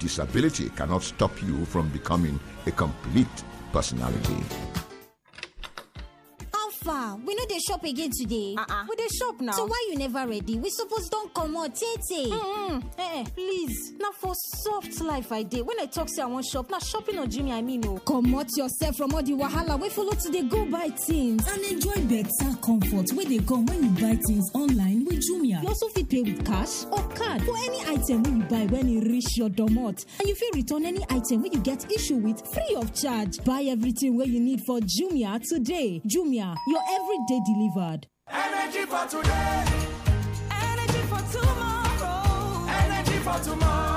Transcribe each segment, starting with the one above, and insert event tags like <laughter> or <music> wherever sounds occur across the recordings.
disability cannot stop you from becoming a complete personality shop again today uh-uh we dey shop now so why you never ready we suppose don comot tey eh, tey eh, eh. mm eh eh please Now for soft life i dey when i talk say i want shop Now shopping on ojimi i mean oh. come out yourself from all di wahala wey follow today. go buy things and enjoy better comfort wey dey come when you buy things online with jumia you also fit pay with cash or card for any item when you buy when you reach your domot and you feel return any item when you get issue with free of charge buy everything where you need for jumia today jumia your everyday delivered. Energy for today. Energy for tomorrow. Energy for tomorrow.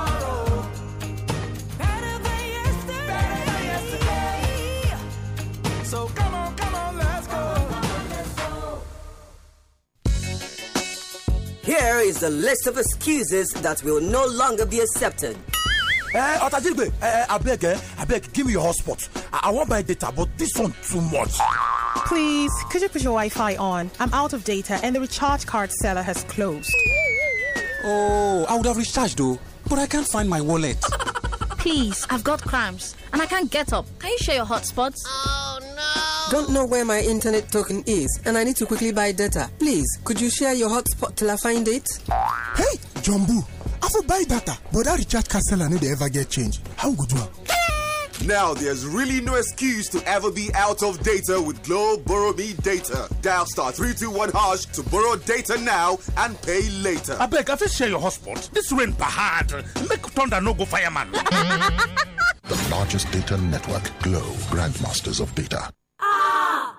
Here is a list of excuses that will no longer be accepted eh otajigbe eh, eh abeg eh abeg give me your hotspot i want my data but this one too much please could you put your wi-fi on i'm out of data and the recharge card seller has closed oh i would have recharged though but i can't find my wallet <laughs> please i've got cramps and i can't get up can you share your hotspots oh no don't know where my internet token is and I need to quickly buy data. Please, could you share your hotspot till I find it? Hey, Jumbo, i for buy data but that recharge card seller no dey ever get change how good go Now there's really no excuse to ever be out of data with Glow Borrow Me Data. Dial star 321 hash to borrow data now and pay later. I beg, I fit share your hotspot. This rain bahad. Make thunder no go fireman. <laughs> the largest data network, Glow, grandmasters of data. Ah!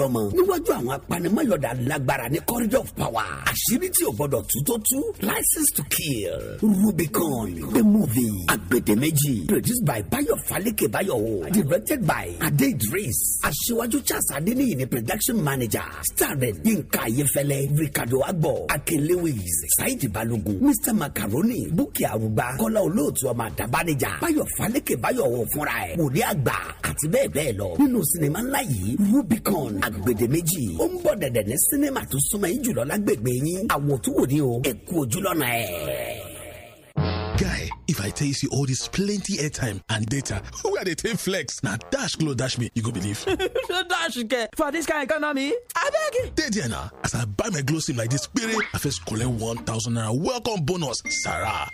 lọ́mọ níwájú àwọn apanimọ́yọ̀dà lágbára ní corridor of power àṣírí tí o gbọdọ̀ tú tó tú license to kill rubicon the movie agbedeméjì produced by bayo falike bayo directed by ade idris aṣíwájú charles adeniyi ni production manager starred yinka ayefẹlẹ ricardo agbo akin lewis saidi balogun mr macaroni bukki arugba kọ́lá olóòtú ọmọ àdàbánijà bayo falike bayo wò fúnra ẹ̀ wòlíì àgbà àti bẹ́ẹ̀ bẹ́ẹ̀ lọ nínú sinimá ńlá yìí rubicon gbèdé ó ń bọ̀ dẹ̀dẹ̀ ní sinimá tó súnmọ́ yín jùlọ lágbègbè yín àwòtúwò ni o ẹ kú ojúlọ́nà ẹ̀. guy if i tell you see all this plenty airtime and data Who are they? flex Now dash glow dash me you go believe <laughs> dash get for dis kain economy abeg dey there na as i buy my glow sim like this, kpere i first collect one thousand naira welcome bonus sarah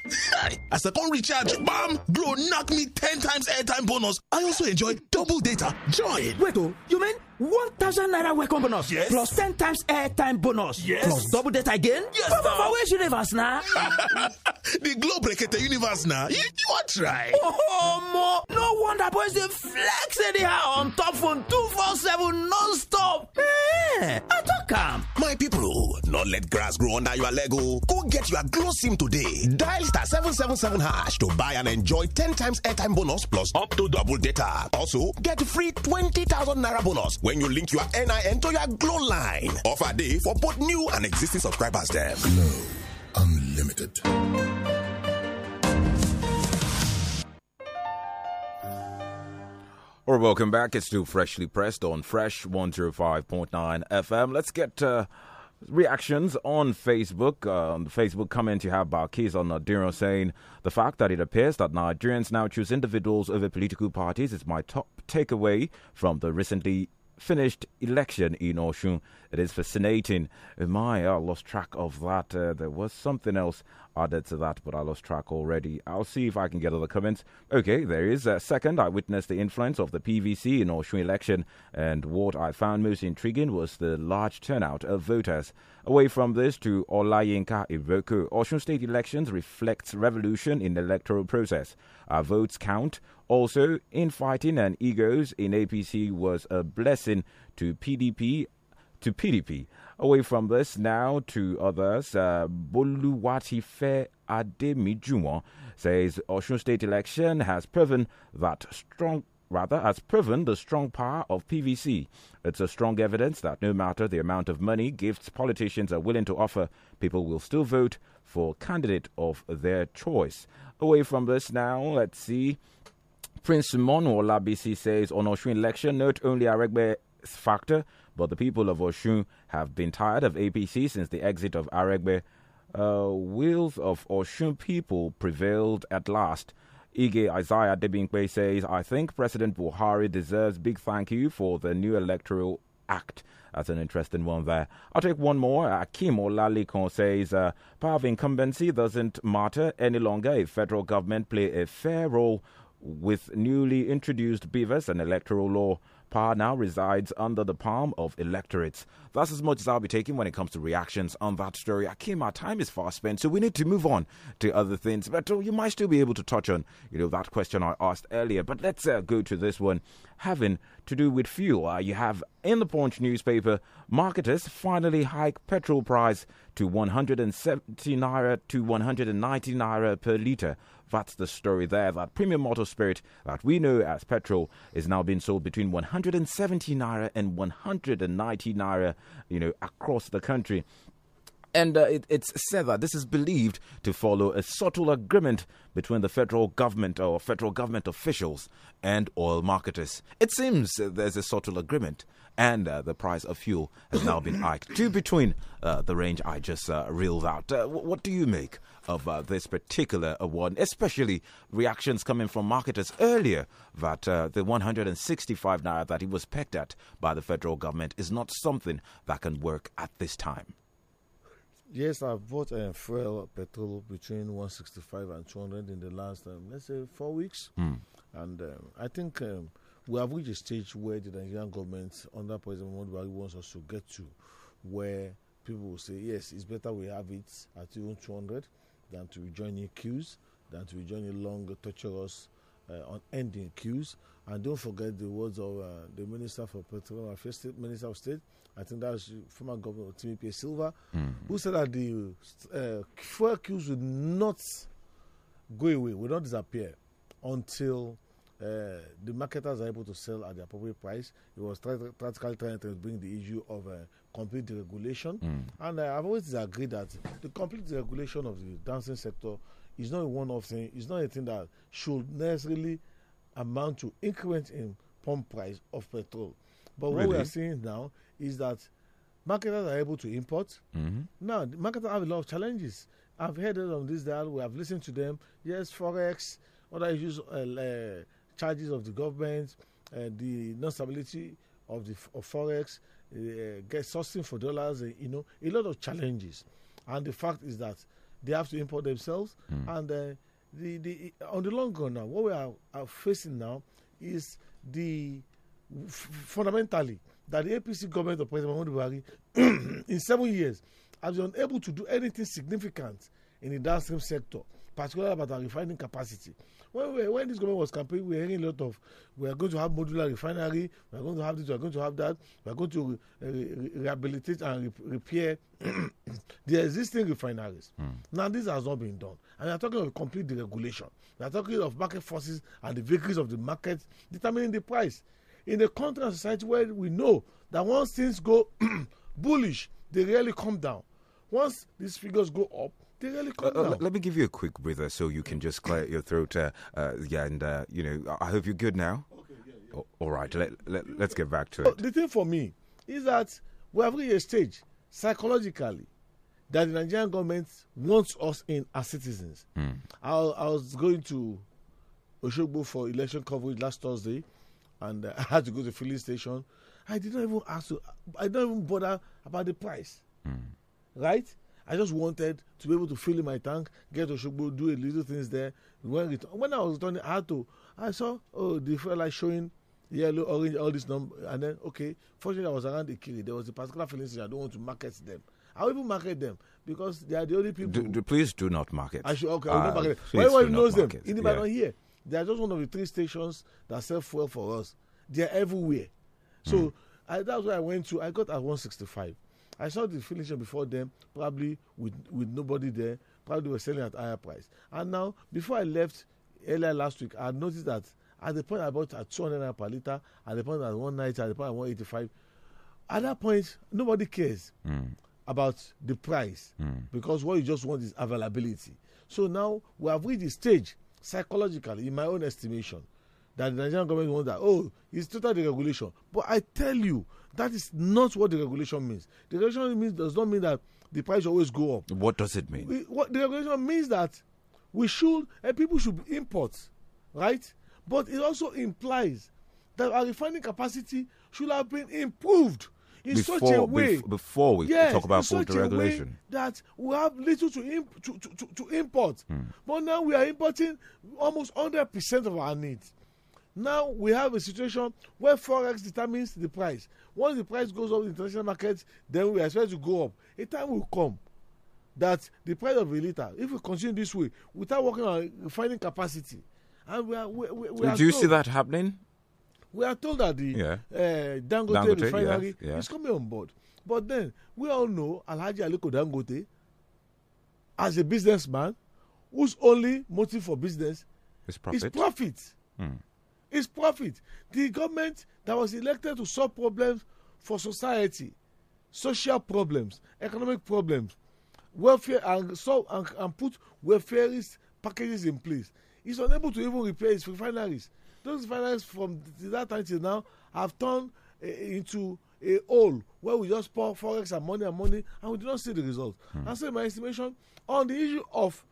as i come recharge bam glow knock me ten times airtime bonus i also enjoy double data join wait oh, you mean 1000 naira welcome bonus yes plus 10 times airtime bonus yes plus double data again yes but for which universe now? <laughs> the globe rekete universe now. you wan try oh mo no wonder boys dey flex anyhow on top phone 247 non-stop ehn i not am my people, not let grass grow under your lego. Oh. go get your glow sim today dial star 777 hash to buy and enjoy 10 times airtime bonus plus up to double data also get free 20000 naira bonus when you link your NIN to your Glow line. Offer day for both new and existing subscribers there. Glow Unlimited. Or right, welcome back. It's still freshly pressed on Fresh 105.9 FM. Let's get uh, reactions on Facebook. Uh, on the Facebook comment you have Barkiz on Nadiro saying, The fact that it appears that Nigerians now choose individuals over political parties is my top takeaway from the recently finished election in Oshun. It is fascinating. My, I lost track of that. Uh, there was something else added to that, but I lost track already. I'll see if I can get other comments. Okay, there is. a second, I witnessed the influence of the PVC in Oshun election, and what I found most intriguing was the large turnout of voters. Away from this to Olayinka Iroku, Oshun state elections reflects revolution in the electoral process. Our votes count. Also, infighting and egos in APC was a blessing to PDP to PDP. Away from this now to others, uh, Boluwati Fe Ademijumo says Osun State election has proven that strong rather has proven the strong power of PVC. It's a strong evidence that no matter the amount of money gifts politicians are willing to offer, people will still vote for candidate of their choice. Away from this now, let's see. Prince Monu Olabisi says on Oshun election, not only Aregbe's factor, but the people of Oshun have been tired of APC since the exit of Aregbe. Uh, wills of Oshun people prevailed at last. Ige Isaiah Debingbe says, I think President Buhari deserves big thank you for the new electoral act. That's an interesting one there. I'll take one more. Akim uh, Olalikon says, uh, power of incumbency doesn't matter any longer if federal government play a fair role with newly introduced beavers and electoral law. Power now resides under the palm of electorates. That's as much as I'll be taking when it comes to reactions on that story. Akim, our time is fast spent, so we need to move on to other things. But oh, you might still be able to touch on, you know, that question I asked earlier. But let's uh, go to this one having to do with fuel. Uh, you have in the Punch newspaper, marketers finally hike petrol price to 170 naira to 190 naira per litre that's the story there. That premium motor spirit that we know as petrol is now being sold between 170 naira and 190 naira, you know, across the country. And uh, it, it's said that this is believed to follow a subtle agreement between the federal government or federal government officials and oil marketers. It seems there's a subtle agreement, and uh, the price of fuel has now been hiked to between uh, the range I just uh, reeled out. Uh, what do you make of uh, this particular award, especially reactions coming from marketers earlier that uh, the 165 naira that he was pegged at by the federal government is not something that can work at this time. Yes, I've bought a uh, fuel petrol between 165 and 200 in the last, um, let's say, four weeks. Mm. And um, I think um, we have reached a stage where the Nigerian government, under President Mahmoud Buhari, wants us to get to where people will say, yes, it's better we have it at even 200 than to join in queues, than to join in long, torturous, uh, unending queues. And don't forget the words of uh, the Minister for Petroleum Affairs, Minister of State, I think that's former Governor Timmy P. Silva, mm who mm-hmm. said that the uh, fuel queues would not go away, will not disappear until uh, the marketers are able to sell at the appropriate price. It was practically trying to bring the issue of uh, complete deregulation. Mm. And I've always agreed that the complete deregulation of the dancing sector is not a one off thing, it's not a thing that should necessarily amount to increment in pump price of petrol. But really? what we are seeing now is that marketers are able to import. Mm-hmm. Now, marketers have a lot of challenges. I've heard it on this dial, we have listened to them. Yes, forex, other issues, uh, uh, charges of the government, uh, the non stability of the of forex, uh, get sourcing for dollars, uh, you know, a lot of challenges. And the fact is that they have to import themselves. Mm. And uh, the, the, on the long run now, what we are, are facing now is the fundamentally that the APC government of President Mahmoud Buhari <clears throat> in seven years has been unable to do anything significant in the downstream sector. particularly about our refining capacity. When, we, when this government was campaigning, we were hearing a lot of we are going to have modular refinery, we are going to have this, we are going to have that, we are going to re, re, rehabilitate and re, repair <clears throat> the existing refineries. Mm. Now, this has not been done. And we are talking of complete deregulation. We are talking of market forces and the vagaries of the market determining the price. In a country and society where we know that once things go <clears throat> bullish, they rarely come down. Once these figures go up, really come uh, uh let me give you a quick breather so you can just clear your throat. Uh, uh, yeah, and uh, you know, I hope you're good now. Okay, yeah, yeah. O- all right, let, let, let's get back to oh, it. The thing for me is that we have reached a stage psychologically that the Nigerian government wants us in as citizens. Mm. I, I, was going to Oshogbo for election coverage last Thursday, and uh, <laughs> I had to go to filling station. I did not even ask to, I don't even bother about the price, mm. right? I just wanted to be able to fill in my tank, get to Shogbo, do a little things there. When, it, when I was turning, I had to, I saw, oh, the like showing yellow, orange, all this number, and then, okay, fortunately, I was around Ikiri. There was a particular filling station. I don't want to market them. I will even market them because they are the only people. Do, do, please do not market. I should, okay, I will uh, market them. Everyone knows them. In the here, they are just one of the three stations that sell fuel for us. They are everywhere. So mm. I, that's where I went to. I got at 165. I saw the finisher before them, probably with, with nobody there, probably were selling at higher price. And now, before I left earlier last week, I noticed that at the point I bought at 200 naira per liter, at the point at 190, at the point at 185, at that point, nobody cares mm. about the price mm. because what you just want is availability. So now we have reached the stage, psychologically, in my own estimation, that the Nigerian government wants that, oh, it's total deregulation. But I tell you, That is not what the regulation means. The regulation means does not mean that the price always go up. What does it mean? We, what the regulation means that we should and eh, people should import, right? But it also implies that our refining capacity should have been improved in before, such a way bef before we yes, talk about food regulation that we have little to imp to, to, to, to, import, hmm. but now we are importing almost hundred percent of our needs. Now we have a situation where forex determines the price. Once the price goes up in international markets, then we expect to go up. A time will come that the price of a liter, if we continue this way, without working on refining capacity, and we are we, we, we Do you see that happening? We are told that the yeah. uh, Dangote, Dangote refinery yes, yeah. is coming on board. But then we all know Alhaji Aliko Dangote as a businessman whose only motive for business is profit. Is profit. Mm. is profit. The government that was elected to solve problems for society, social problems, economic problems, welfare, and, solve, and, and put welfareist packages in place is unable to even repair its refineries. Those refineries from that time till now have turned uh, into a hole where we just pour forex and money and money and we do not see the result. Mm. And so, in my estimation, on the issue of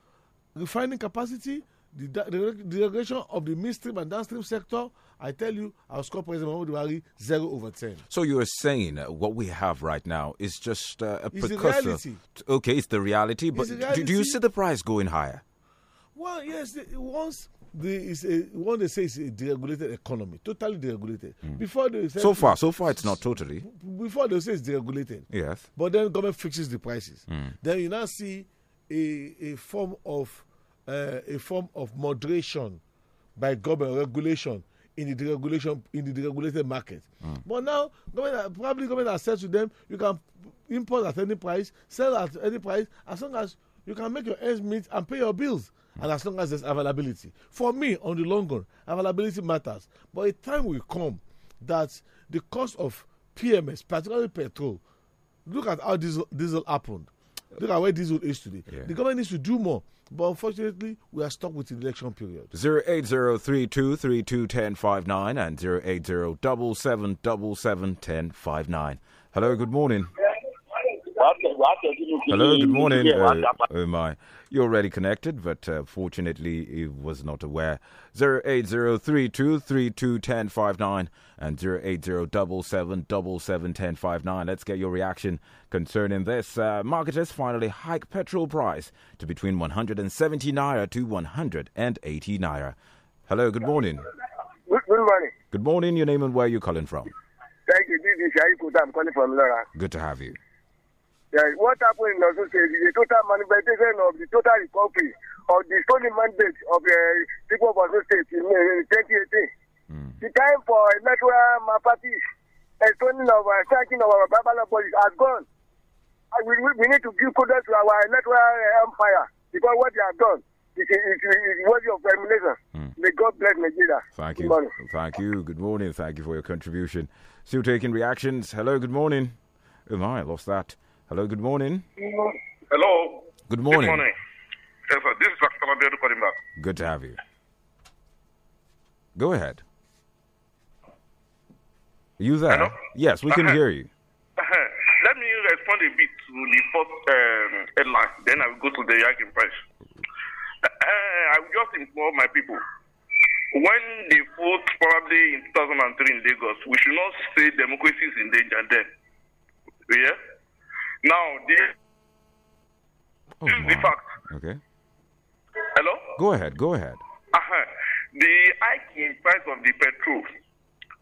refining capacity, the, regulation of the midstream and downstream sector, I tell you, our score President Muhammad Buhari 0 over 10. So you're saying uh, what we have right now is just uh, a it's precursor. Okay, it's the reality, but the reality. Do, do, you see the price going higher? Well, yes, once. The, a, one they say it's a deregulated economy, totally deregulated. Mm. Before they so far, so far it's not totally. Before they say it's deregulated, yes. But then government fixes the prices. Mm. Then you now see a a form of uh, a form of moderation by government regulation in the deregulation in the deregulated market. Mm. But now government probably government has said to them you can import at any price, sell at any price as long as you can make your ends meet and pay your bills. Hmm. And as long as there's availability. For me, on the long run, availability matters. But a time will come that the cost of PMS, particularly petrol, look at how diesel, diesel happened Look at where this is today. Yeah. The government needs to do more. But unfortunately, we are stuck with the election period. three two ten five nine and double seven ten five nine. Hello, good morning. Hello, good morning. Uh, oh uh, my, you're already connected, but uh, fortunately, he was not aware. 08032321059 and 08077771059. Let's get your reaction concerning this. Uh, marketers finally hike petrol price to between 170 naira to 180 naira. Hello, good morning. Good, good morning. Good morning. Your name and where you calling from? Thank you. This is I'm calling from Lara. Good to have you. Yeah, what happened in Osun State is a total manifestation of the total recovery of the stolen mandate of the uh, people of Osun State in, in uh, 2018. Mm. The time for electoral malpractice, a uh, stoning of uh, sacking of our Babala bodies has gone. And we, we, need to give kudos to our electoral empire because what they have done is, is, is worthy of emulation. Hmm. May God bless Nigeria. Thank you. Thank you. Good morning. Thank you for your contribution. Still taking reactions. Hello, good morning. Oh my, I lost that. Hello, good morning. Hello. Good morning. Good morning. Yes, sir. This is Dr. Adedu calling back. Good to have you. Go ahead. Are you there? Hello? Yes, we can uh -huh. hear you. Uh -huh. Let me respond a bit to the first um, headline, then I will go to the Yakin Press. Uh, I will just inform my people. When they vote probably in 2003 in Lagos, we should not say democracy is in danger then. Yeah? Now, oh, the, oh, wow. the fact. Okay. Hello? Go ahead, go ahead. Uh-huh. The In price of the petrol.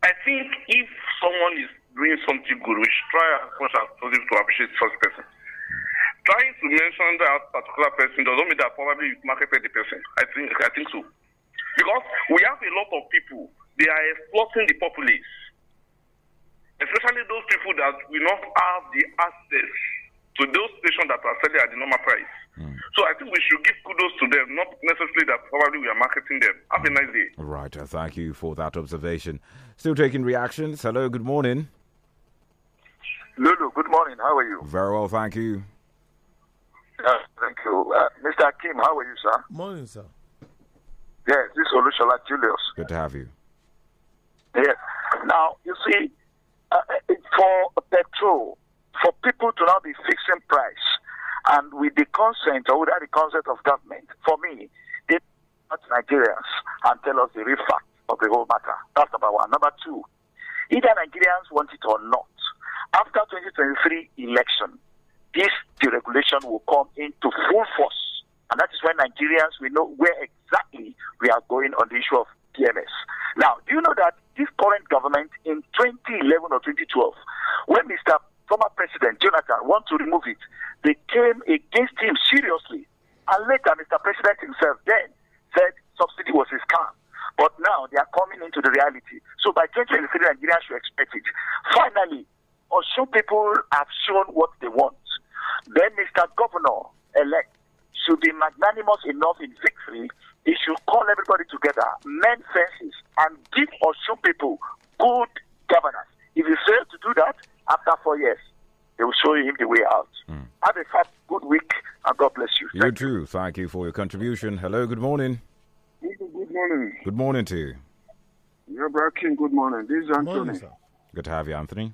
I think if someone is doing something good, we should try as much as possible to appreciate such person. Trying to mention that particular person doesn't mean that probably you marketed the person. I think I think so. Because we have a lot of people, they are exploiting the populace. Especially those people that will not have the access to those stations that are selling at the normal price. Mm. So I think we should give kudos to them, not necessarily that probably we are marketing them. Have a hmm. nice day. Right. Uh, thank you for that observation. Still taking reactions. Hello. Good morning. Lulu, good morning. How are you? Very well, thank you. Yes, thank you. Uh, Mr. Kim, how are you, sir? Morning, sir. Yes, this is Olushola Julius. Good to have you. Yes. Now, you see, uh, uh for petrol, for people to now be fixing price and with the consent or without the consent of government, for me, they not Nigerians and tell us the real fact of the whole matter. That's number one. Number two, either Nigerians want it or not, after 2023 election, this deregulation will come into full force. And that is when Nigerians will know where exactly we are going on the issue of TMS. Now, do you know that this current government in 2011 or 2012, when Mr former president Jonathan want to remove it, they came against him seriously. And later, Mr. President himself then said subsidy was a scam. But now they are coming into the reality. So by 2023, Nigeria should expect it. Finally, Osun people have shown what they want. Then Mr. Governor elect should be magnanimous enough in victory. He should call everybody together, mend fences, and give Osun people good governance. If you fail to do that, after four years, they will show him the way out. Mm. Have a fab, good week, and God bless you. Thank you too. Thank you for your contribution. Hello, good morning. Good morning. Good morning to you. Yeah, Brad King, good morning. This is Anthony. Good, morning, good to have you, Anthony.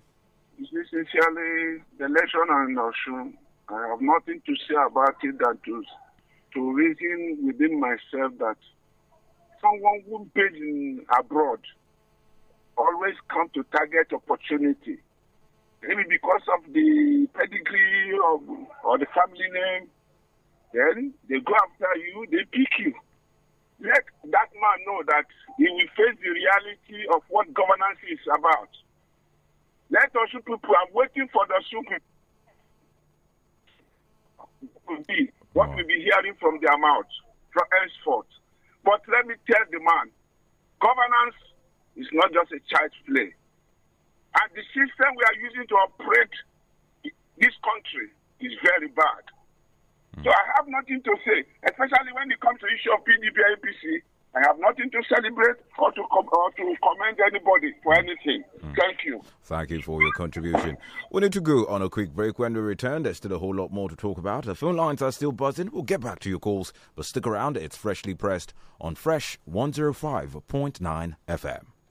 This is sincerely the election and Oshun. I have nothing to say about it than to, to reason within myself that someone who paid in abroad always come to target opportunity maybe because of the pedigree of, or the family name, then they go after you, they pick you. Let that man know that he will face the reality of what governance is about. Let us people, are waiting for the people. Be what mm. we'll be hearing from their mouth from henceforth. But let me tell the man, governance is not just a child's play. And the system we are using to operate this country is very bad. Hmm. So I have nothing to say, especially when it comes to issue of PDP APC. I have nothing to celebrate or to, com- or to commend anybody for anything. Mm. Thank you. Thank you for your contribution. We need to go on a quick break. When we return, there's still a whole lot more to talk about. The phone lines are still buzzing. We'll get back to your calls, but stick around. It's freshly pressed on Fresh 105.9 FM.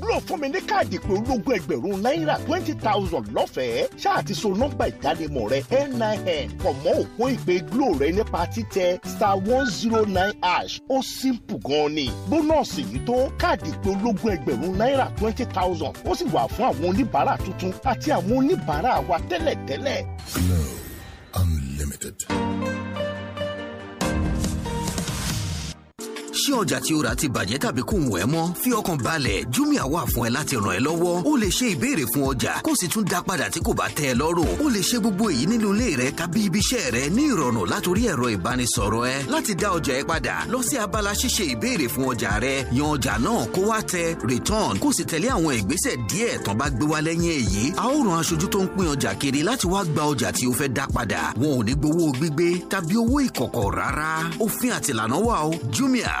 Glo fún mi ní káàdì pé ológun ẹgbẹ̀rún náírà twenty thousand lọ́fẹ̀ẹ́ ṣáà ti so nọ́mbà ìdánimọ̀ rẹ NIN pọ̀ mọ́ òpó ìpè Glo rẹ nípa títẹ star one zero nine hash ó simple gan ni bónọ́ọ̀sì yìí tó káàdì pé ológun ẹgbẹ̀rún náírà twenty thousand ó sì wà fún àwọn oníbàárà tuntun àti àwọn oníbàárà wa tẹ́lẹ̀tẹ́lẹ̀. Glo Unlimited. ṣé ọjà tí o rà ti bàjẹ́ tàbí kò wọ́n ẹ mọ́ fi ọkàn balẹ̀ jumia wà fún ẹ láti ràn ẹ lọ́wọ́ o lè ṣe ìbéèrè fún ọjà kó sì tún dá padà tí kò bá tẹ́ ẹ lọ́rùn o lè ṣe gbogbo èyí nínú ilé rẹ tàbí ibi rẹ ní ìrọ̀rùn látòrí ẹ̀rọ ìbánisọ̀rọ̀ ẹ láti dá ọjà ẹ padà lọ sí abala ṣíṣe ìbéèrè fún ọjà rẹ yan ọjà náà kó wá tẹ return kó sì tẹ̀lé àwọn ìgbésẹ̀ díẹ̀ tán a ó ràn jumia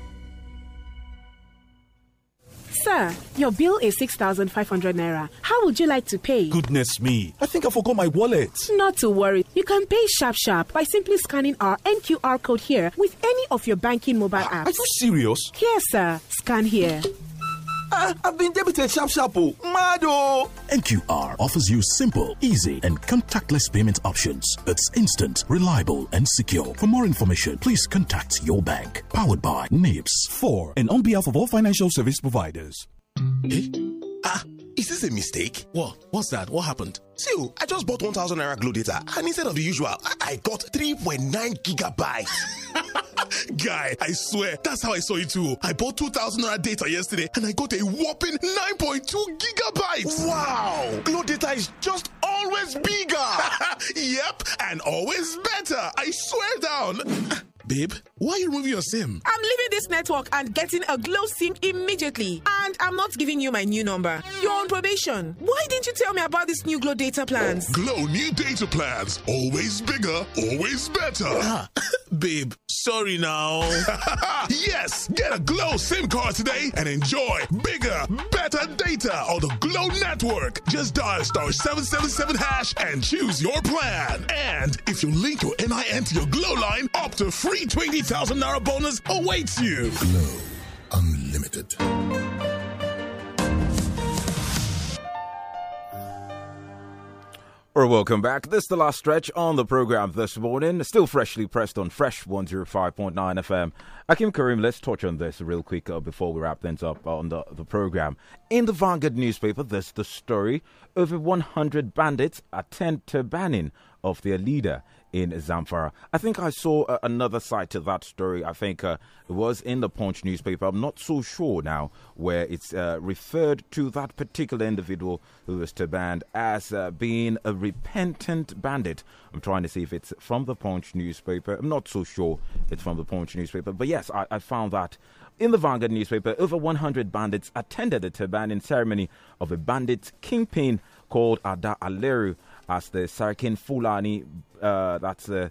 Sir, your bill is 6,500 naira. How would you like to pay? Goodness me, I think I forgot my wallet. Not to worry. You can pay Sharp Sharp by simply scanning our NQR code here with any of your banking mobile apps. Are you serious? Yes, sir. Scan here. Ah, I, have been debited sharp sharp. Oh. Oh. NQR offers you simple, easy, and contactless payment options. It's instant, reliable, and secure. For more information, please contact your bank. Powered by NIPS 4 and on behalf of all financial service providers. Eh? Ah. Is this a mistake? What? What's that? What happened? See, oh, I just bought 1000 Naira Glow data, and instead of the usual, I, got 3.9 gigabytes. <laughs> Guy, I swear, that's how I saw it too. I bought 2000 Naira data yesterday, and I got a whopping 9.2 gigabytes. Wow! Glow data is just always bigger. <laughs> <laughs> yep, and always better. I swear down. Babe, why are you removing your SIM? I'm leaving this network and getting a Glow SIM immediately. And I'm not giving you my new number. You're on probation. Why didn't you tell me about this new Glow data plans? Glow new data plans. Always bigger, always better. Ah, <laughs> babe, sorry now. <laughs> yes, get a Glow SIM card today and enjoy bigger, better data on the Glow network. Just dial star 777 hash and choose your plan. And if you link your NIN to your Glow line, up to free free $20,000 bonus awaits you. Glow Unlimited. Or welcome back. This is the last stretch on the program this morning. Still freshly pressed on Fresh 105.9 FM. Akim Karim, let's touch on this real quick uh, before we wrap things up uh, on the, the program. In the Vanguard newspaper, there's the story over 100 bandits attend to banning of their leader in Zamfara. I think I saw uh, another side to that story. I think uh, it was in the Punch newspaper. I'm not so sure now where it's uh, referred to that particular individual who was to banned as uh, being a repentant bandit. I'm trying to see if it's from the Punch newspaper. I'm not so sure it's from the Punch newspaper. But yes, I, I found that in the Vanguard newspaper, over 100 bandits attended the turbaning ceremony of a bandit kingpin called Ada Aleru as the Sarkin Fulani uh, that's uh,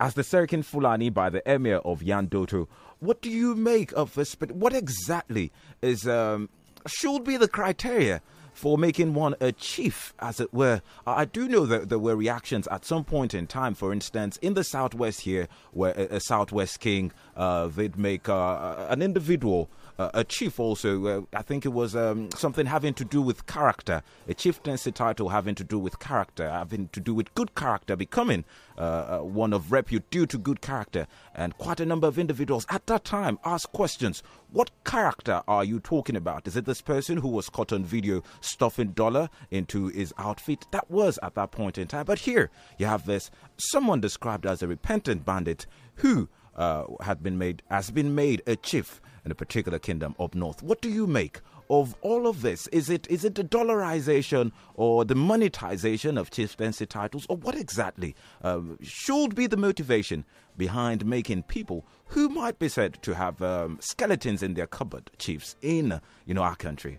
as the Serikin Fulani by the Emir of Yandoto. What do you make of this? But what exactly is um, should be the criteria for making one a chief, as it were. I do know that there were reactions at some point in time, for instance, in the Southwest here, where a, a Southwest king uh, would make uh, an individual uh, a chief also. Uh, I think it was um, something having to do with character, a chieftaincy title having to do with character, having to do with good character, becoming uh, uh, one of repute due to good character. And quite a number of individuals at that time asked questions What character are you talking about? Is it this person who was caught on video stuffing dollar into his outfit? That was at that point in time. But here you have this someone described as a repentant bandit who uh, had been made has been made a chief in a particular kingdom up north. What do you make of all of this? Is it is it the dollarization or the monetization of chieftaincy titles, or what exactly uh, should be the motivation behind making people who might be said to have um, skeletons in their cupboard chiefs in you know our country?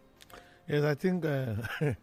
Yes, I think uh, <laughs>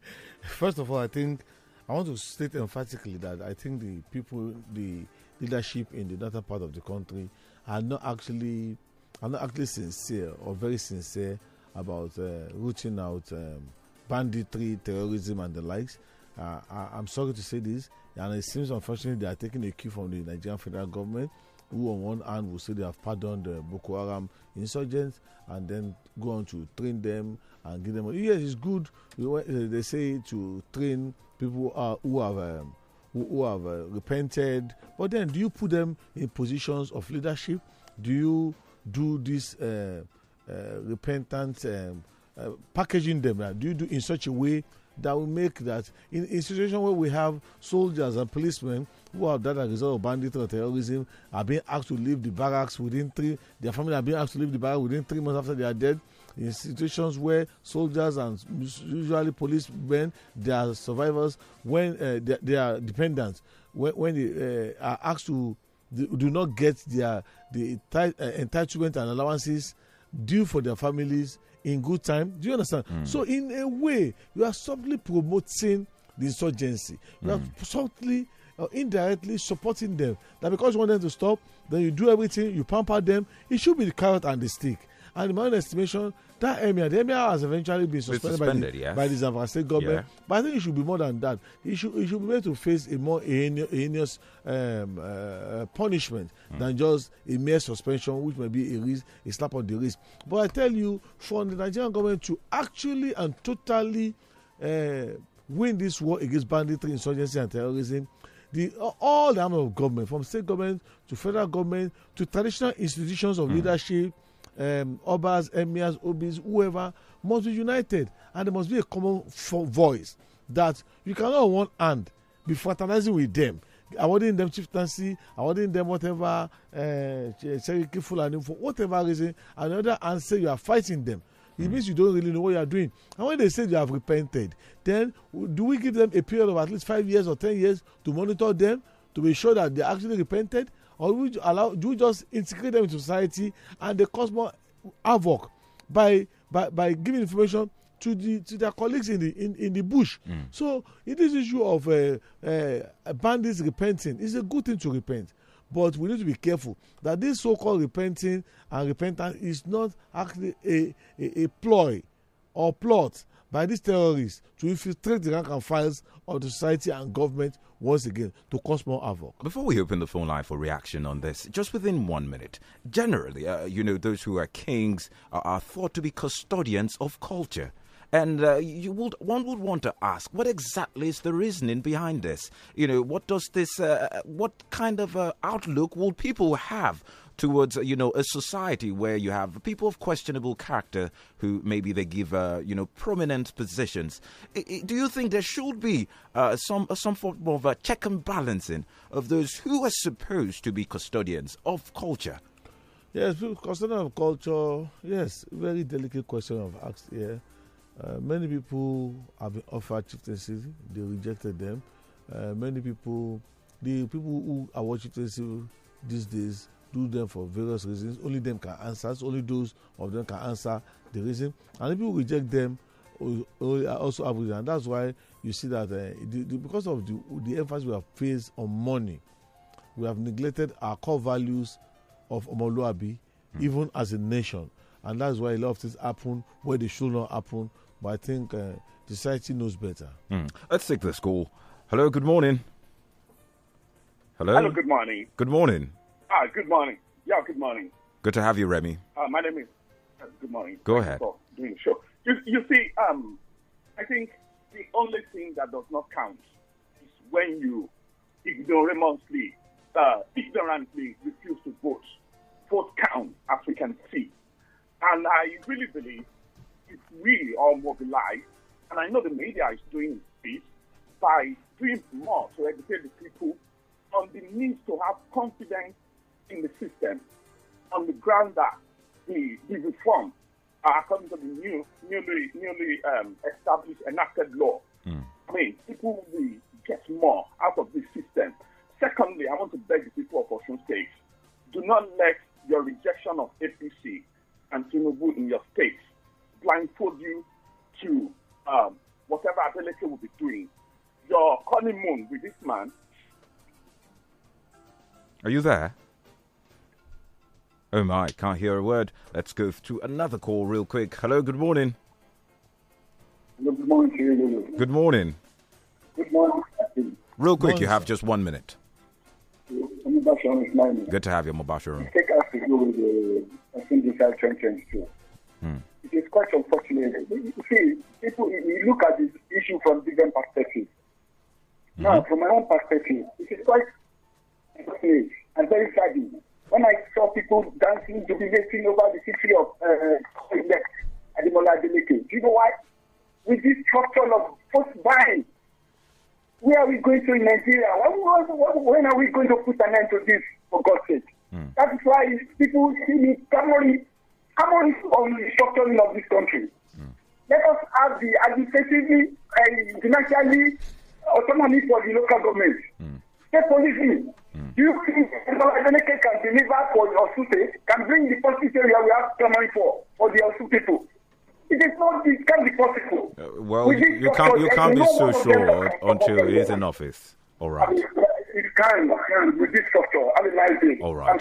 first of all, I think I want to state emphatically that I think the people, the leadership in the northern part of the country are not actually are not actually sincere or very sincere about uh, rooting out um, banditry, terrorism, and the likes. Uh, I, am sorry to say this, and it seems unfortunately they are taking a cue from the Nigerian federal government, who on one hand will say they have pardoned the uh, Boko Haram insurgents and then go on to train them and give them. Yes, it's good. They say to train people who, who have. Um, who, who have uh, repented. But then, do you put them in positions of leadership? Do you do this uh, uh, repentance um, uh, packaging them? do you do in such a way that will make that in, in a situation where we have soldiers and policemen who have died as a result of banditry or terrorism are being asked to leave the barracks within three, their family are being asked to leave the barracks within three months after they are dead? in situations where soldiers and usually policemen, they are survivors, when uh, they, they, are dependents, when, when they uh, are asked to do not get their the uh, entitlement and allowances due for their families in good time. Do you understand? Mm. So, in a way, you are subtly promoting the insurgency. You mm. are hmm. subtly or uh, indirectly supporting them. That because you want them to stop, then you do everything, you pamper them. It should be the carrot and the stick. And in my estimation, that emir, the emir has eventually been suspended, suspended by, the, yes. by the Zamfara state government. Yeah. But I think it should be more than that. He should, he should be made to face a more heinous um, uh, punishment mm. than just a mere suspension, which may be a, risk, a slap on the wrist. But I tell you, for the Nigerian government to actually and totally uh, win this war against banditry, insurgency, and terrorism, the, all the arm of government, from state government to federal government to traditional institutions of mm. leadership um, obas, emirs, obis, whoever must be united, and there must be a common voice that you cannot on one hand be fraternizing with them, awarding them chieftaincy, awarding them whatever uh, Cherokee Fulani for whatever reason, and the other hand say you are fighting them. It hmm. means you don't really know what you are doing. And when they say you have repented, then do we give them a period of at least five years or ten years to monitor them to be sure that they actually repented or do we allow do we just integrate them into society and they cause more havoc by by by giving information to the to their colleagues in the in, in the bush. Mm. So in this issue of uh, uh, bandits repenting, it's a good thing to repent, but we need to be careful that this so-called repenting and repentance is not actually a, a, a ploy or plot by these terrorists to infiltrate the rank and files of the society and government once again to cause more havoc. Before we open the phone line for reaction on this, just within one minute, generally, uh, you know, those who are kings are, are thought to be custodians of culture. And uh, you would, one would want to ask, what exactly is the reasoning behind this? You know, what does this, uh, what kind of uh, outlook will people have towards you know a society where you have people of questionable character who maybe they give uh, you know prominent positions. I, I, do you think there should be uh, some uh, some form of a check and balancing of those who are supposed to be custodians of culture? Yes, custodian of culture. Yes, very delicate question of asked here. Uh, many people have been offered chieftaincy; they rejected them. Uh, many people, the people who are chieftaincy these days do them for various reasons only them can answer only those of them can answer the reason and if people reject them also have reason and that's why you see that uh, the, the, because of the, the emphasis we have placed on money we have neglected our core values of omoluabi mm. even as a nation and that's why a lot of things happen where they should not happen but i think uh, society knows better mm. let's take this call hello good morning hello hello good morning good morning Hi, good morning. Yeah, good morning. Good to have you, Remy. Uh, my name is. Uh, good morning. Go Thank ahead. For doing the show. You, you see, um, I think the only thing that does not count is when you ignorantly, uh, ignorantly refuse to vote. Vote counts, as we can see. And I really believe if we all mobilised. and I know the media is doing this by doing more to educate the people on the need to have confidence in the system on the ground that the, the reform are according to the new, newly, newly um, established enacted law. Mm. I mean, people will get more out of this system. Secondly, I want to beg the people of Oshun State, do not let your rejection of APC and Tinubu in your state blindfold you to um, whatever ability will be doing. Your honeymoon with this man. Are you there? Oh my, can't hear a word. Let's go to another call real quick. Hello, good morning. Good morning to you, Lulu. Good morning. Good morning. Real quick, morning, you have just one minute. Good to have you, Mubashiru. Take us to go with the Sindical 2022. Hmm. It is quite unfortunate. You see, people you look at this issue from different perspectives. Mm-hmm. Now, hmm. from my own perspective, it is quite unfortunate and very sad. When I saw people dancing, jubilating over the city of uh, elect Adimola do you know why? With this structure of post buying, where are we going to in Nigeria? When, are we going to put an end to this, for God's sake? Mm. That is why people see me clamoring, clamoring on the structuring of this country. Mm. Let us have the administratively and uh, financially autonomy for the local government. Mm state policy. Mm. Do you think Ezenike can deliver for your Osu can bring the positive area we are clamoring for, for the Osu people? It is not, it can be possible. Uh, well, you, you can't, you can't be so sure until he is in office. All right. Kind, kind, with this structure. Have a nice day. All right.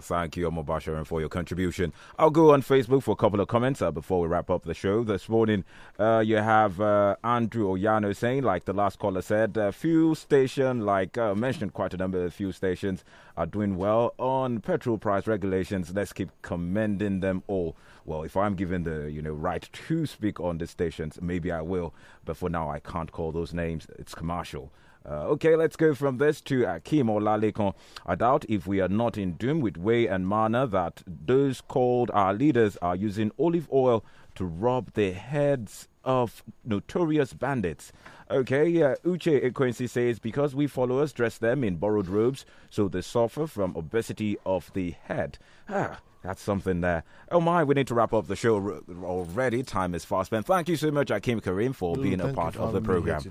Thank you, Omar and for your contribution. I'll go on Facebook for a couple of comments uh, before we wrap up the show. This morning, uh, you have uh, Andrew Oyano saying, like the last caller said, uh, fuel station, like uh, mentioned quite a number of fuel stations, are doing well on petrol price regulations. Let's keep commending them all. Well, if I'm given the you know right to speak on the stations, maybe I will. But for now, I can't call those names. It's commercial. Uh, okay, let's go from this to Akim Olalekan. I doubt if we are not in doom with way and manner that those called our leaders are using olive oil to rub their heads of notorious bandits. Okay, uh, Uche Ekwensi says because we followers dress them in borrowed robes, so they suffer from obesity of the head. Ah, that's something there. Oh my, we need to wrap up the show already. Time is fast spent. Thank you so much, Akim Karim, for Ooh, being a part of the program.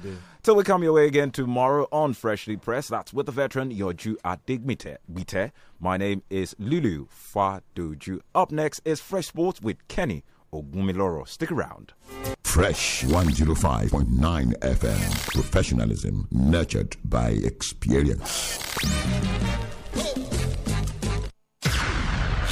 Till we come your way again tomorrow on Freshly Pressed. That's with the veteran, your Jew at Dignite. My name is Lulu Faduju. Up next is Fresh Sports with Kenny Ogumiloro. Stick around. Fresh 105.9 FM. Professionalism nurtured by experience.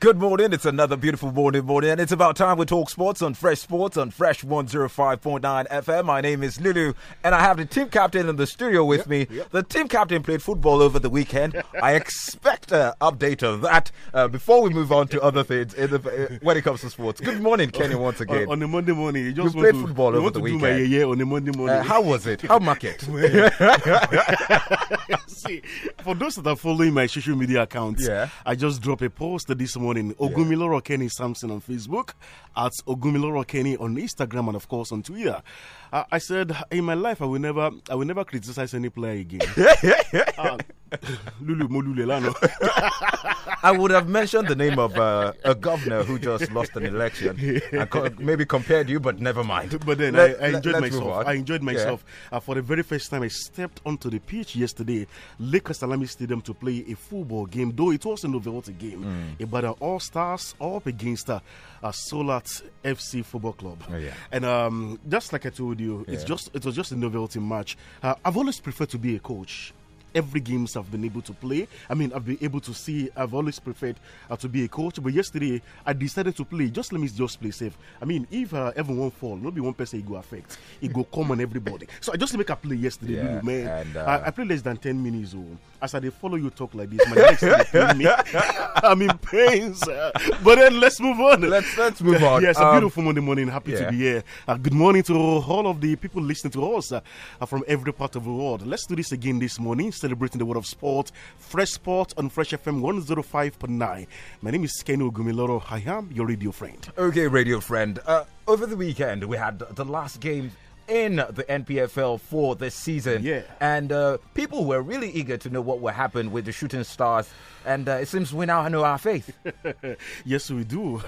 Good morning. It's another beautiful morning, morning. It's about time we talk sports on Fresh Sports on Fresh 105.9 FM. My name is Lulu, and I have the team captain in the studio with yep, me. Yep. The team captain played football over the weekend. <laughs> I expect an update on that uh, before we move on to other things the, uh, when it comes to sports. Good morning, Kenny, <laughs> once again. on, on a Monday morning, you just you played to, football over the weekend. Yeah, on a Monday morning. Uh, how was it? How market? <laughs> See, for those that are following my social media accounts, yeah. I just dropped a post this morning morning. Ogumiloro Kenny Sampson on Facebook, at Ogumiloro Kenny on Instagram, and of course on Twitter uh, I said, in my life, I will never, I will never criticize any player again. <laughs> Ah, Lulu <laughs> I would have mentioned the name of uh, a governor who just lost an election and co- maybe compared you, but never mind. But then let, I, I, enjoyed myself. I enjoyed myself. Uh, for the very first time, I stepped onto the pitch yesterday, Lakers Salami Stadium, to play a football game, though it was a novelty game. Mm. But an all stars up against uh, uh, Solat FC Football Club. Oh, yeah. And um, just like I told you, yeah. it's just it was just a novelty match. Uh, I've always preferred to be a coach every games I've been able to play. I mean, I've been able to see. I've always preferred uh, to be a coach, but yesterday I decided to play. Just let me just play safe. I mean, if uh, everyone fall, not be one person it go affect. It go come on everybody. So I just make a play yesterday, yeah, man. And, uh, I, I less than ten minutes. Oh, as I follow you talk like this, my legs me. <laughs> I'm in pain, sir. But then let's move on. Let's let's move on. yes, um, a beautiful Monday morning. Happy yeah. to be here. Uh, good morning to all of the people listening to us uh, from every part of the world. Let's do this again this morning celebrating the world of sport. Fresh Sport on Fresh FM 105.9. My name is Kenu Gumiloro. I am your radio friend. Okay, radio friend. Uh, over the weekend, we had the last game in the NPFL for this season. Yeah. And uh, people were really eager to know what will happen with the shooting stars. And uh, it seems we now know our faith. <laughs> yes, we do.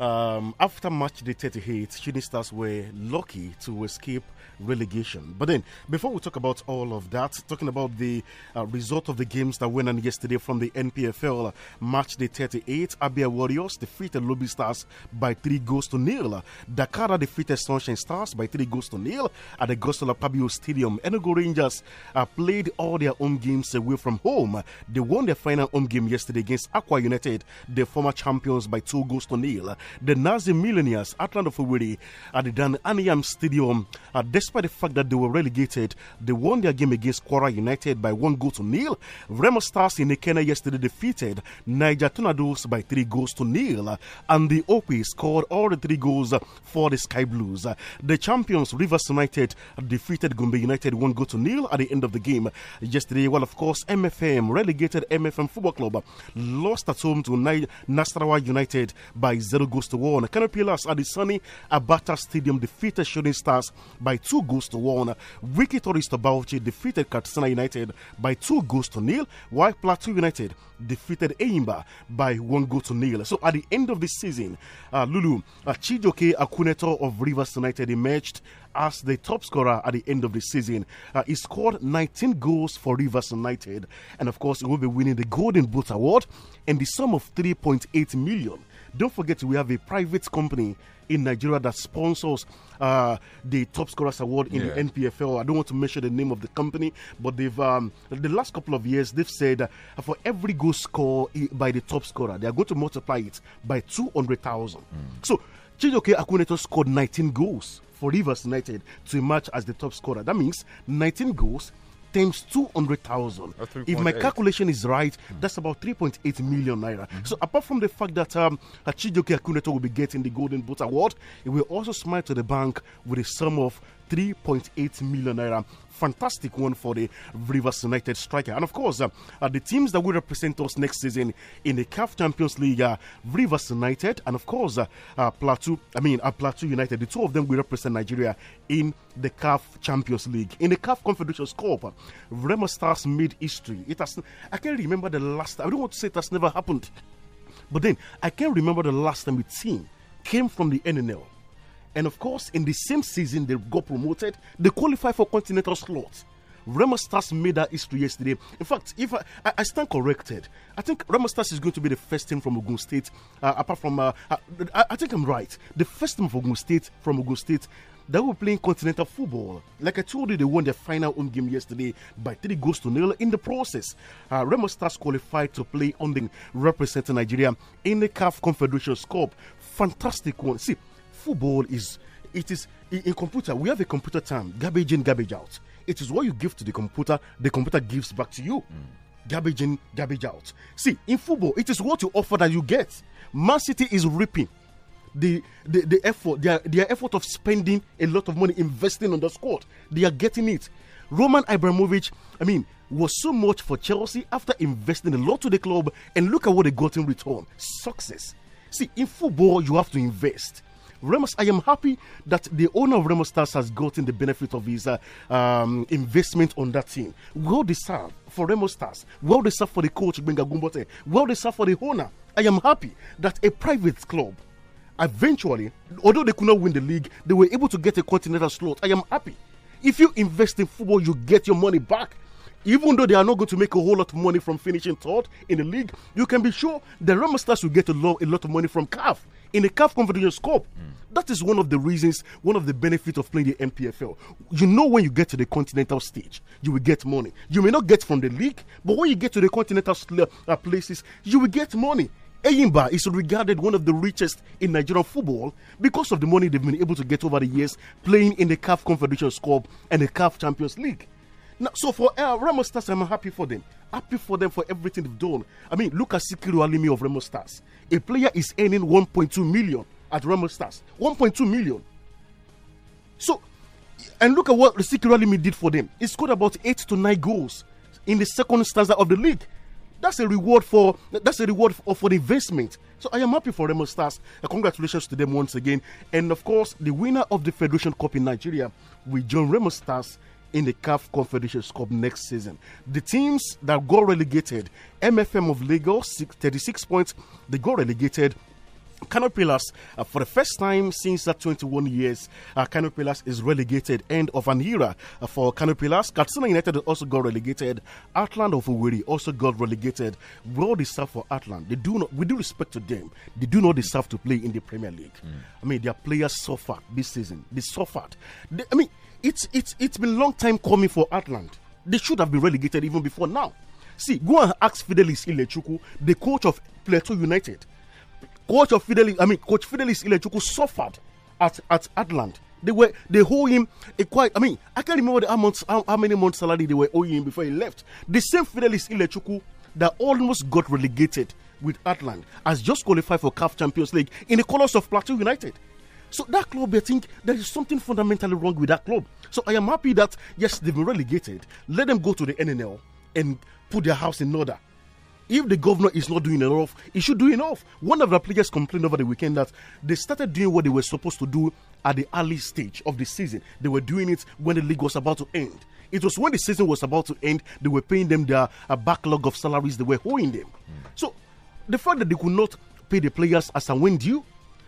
Um, after match day 38, shooting stars were lucky to escape relegation. But then, before we talk about all of that, talking about the uh, result of the games that went on yesterday from the NPFL uh, match day 38, Abia Warriors defeated Lobby Stars by three goals to nil. Uh, Dakara defeated Sunshine Stars by three goals to nil at the Gostola Pabio Stadium. Enugu Rangers uh, played all their home games away from home. They won their final home game yesterday against Aqua United, the former champions, by two goals to nil. The Nazi Millionaires, Atlanta Fuwiri, at the Dan Aniam Stadium, at uh, this despite the fact that they were relegated, they won their game against Quora United by one goal to nil. Remo Stars in Ikena yesterday defeated Niger Tornadoes by three goals to nil, and the Opie scored all the three goals for the Sky Blues. The champions Rivers United defeated Gombe United one goal to nil at the end of the game yesterday. Well, of course, MFM relegated MFM Football Club lost at home to Nasarawa United by zero goals to one. Canopilas at the sunny Abata Stadium defeated Shooting Stars by two two goals to one. Wiki Torista Bauchi defeated Katsina United by two goals to nil, while Plateau United defeated Eimba by one goal to nil. So at the end of the season, uh, Lulu uh, Chijoke Akuneto of Rivers United emerged as the top scorer at the end of the season. Uh, he scored 19 goals for Rivers United, and of course, he will be winning the Golden Boot Award and the sum of 3.8 million. Don't forget, we have a private company in Nigeria that sponsors uh, the Top Scorers Award in yeah. the NPFL. I don't want to mention the name of the company, but they've um, the last couple of years they've said uh, for every goal scored by the top scorer, they are going to multiply it by two hundred thousand. Mm. So Chidoke Akuneto scored nineteen goals for Rivers United to match as the top scorer. That means nineteen goals times 200,000. If my calculation is right, mm. that's about 3.8 million naira. Mm So, apart from the fact that um, Achijoke Akuneto will be getting the Golden Boot Award, it will also smile to the bank with a sum of 3.8 million naira fantastic one for the Rivers United striker. And of course, uh, uh, the teams that will represent us next season in the CAF Champions League are Rivers United and of course uh, uh, Plateau. I mean uh, Plateau United. The two of them will represent Nigeria in the CAF Champions League. In the CAF Confederation Cup, Remo Stars made history. It has I can't remember the last. I don't want to say it has never happened, but then I can't remember the last time a team came from the NNL and of course, in the same season they got promoted, they qualified for continental slot. Remasters made that history yesterday. In fact, if I, I, I stand corrected, I think Remasters is going to be the first team from Ogun State, uh, apart from, uh, uh I, I, think I'm right, the first team from Ogun State, from Ogun State. They were playing continental football. Like I told you, they won their final home game yesterday by three goals to nil. In the process, uh, Remo Stars qualified to play on the representing Nigeria in the CAF Confederations Cup. Fantastic one. See, Football is it is in, in, computer we have a computer term garbage in garbage out it is what you give to the computer the computer gives back to you mm. garbage in garbage out see in football it is what you offer that you get man city is reaping the, the, the effort their, their effort of spending a lot of money investing on the squad they are getting it roman abramovich i mean was so much for chelsea after investing a lot to the club and look at what they got in return success see in football you have to invest Remus, I am happy that the owner of Remus Stars has gotten the benefit of his uh, um, investment on that team. Well deserved for Remus Stars. Well deserved for the coach, Benga Gumbote. Well deserved for the owner. I am happy that a private club eventually, although they could not win the league, they were able to get a continental slot. I am happy. If you invest in football, you get your money back even though they are not going to make a whole lot of money from finishing third in the league, you can be sure the Roma Stars will get a lot, a lot of money from CAF in the CAF Confederation Cup. Mm. That is one of the reasons, one of the benefits of playing the MPFL. You know, when you get to the continental stage, you will get money. You may not get from the league, but when you get to the continental uh, places, you will get money. Eyimba is regarded one of the richest in Nigerian football because of the money they've been able to get over the years playing in the CAF Confederation Cup and the CAF Champions League. Now, so for uh, Remo Stars, I'm happy for them. Happy for them for everything they've done. I mean, look at Sikiru Alimi of Remo Stars. A player is earning 1.2 million at Remo Stars. 1.2 million. So, and look at what Sikiru Alimi did for them. He scored about eight to nine goals in the second stanza of the league. That's a reward for that's a reward for, for the investment. So I am happy for Remo Stars. Uh, congratulations to them once again. And of course, the winner of the Federation Cup in Nigeria will join Remo Stars in the CAF Confederations Cup next season. The teams that got relegated, MFM of Lagos, 36 points, they got relegated. Canopilas, uh, for the first time since that 21 years, uh, Canopilas is relegated. End of an era uh, for Canopilas. Katsina United also got relegated. Atland of Uwiri also got relegated. Well deserved for Atland. They do not, we do respect to them, they do not deserve to play in the Premier League. Mm. I mean, their players suffered this season. They suffered. They, I mean, it's it's it's been long time coming for Atland. They should have been relegated even before now. See, go and ask Fidelis Ilechuku, the coach of Plateau United. Coach of Fidelis, I mean, coach Fidelis Ilechuku suffered at at Atland. They were they owe him a quite. I mean, I can't remember the amount, how, how many months salary they were owing him before he left. The same Fidelis Ilechuku that almost got relegated with Atland has just qualified for CAF Champions League in the colours of Plateau United. So that club, I think there is something fundamentally wrong with that club. So I am happy that yes, they've been relegated. Let them go to the NNL and put their house in order. If the governor is not doing enough, he should do enough. One of the players complained over the weekend that they started doing what they were supposed to do at the early stage of the season. They were doing it when the league was about to end. It was when the season was about to end, they were paying them their backlog of salaries they were owing them. Mm. So the fact that they could not pay the players as and when due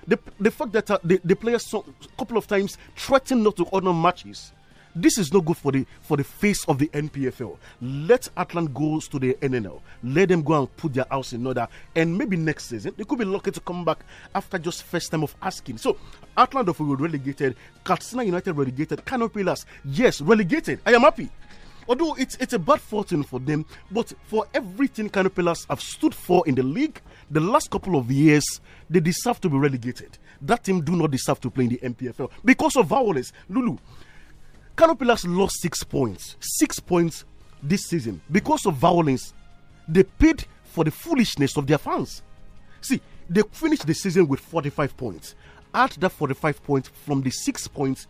the, the fact that uh, the, the players a couple of times threatened not to honor matches. This is not good for the for the face of the NPFL. Let Atlant go to the NNL. Let them go and put their house in order. And maybe next season they could be lucky to come back after just first time of asking. So Atlant of were relegated, Katsina United relegated, Canopy yes, relegated. I am happy. Although it's it's a bad fortune for them, but for everything Canopy have stood for in the league the last couple of years, they deserve to be relegated. That team do not deserve to play in the MPFL because of violence. Lulu, Canopilas lost six points. Six points this season because of violence. They paid for the foolishness of their fans. See, they finished the season with 45 points. Add that 45 points from the six points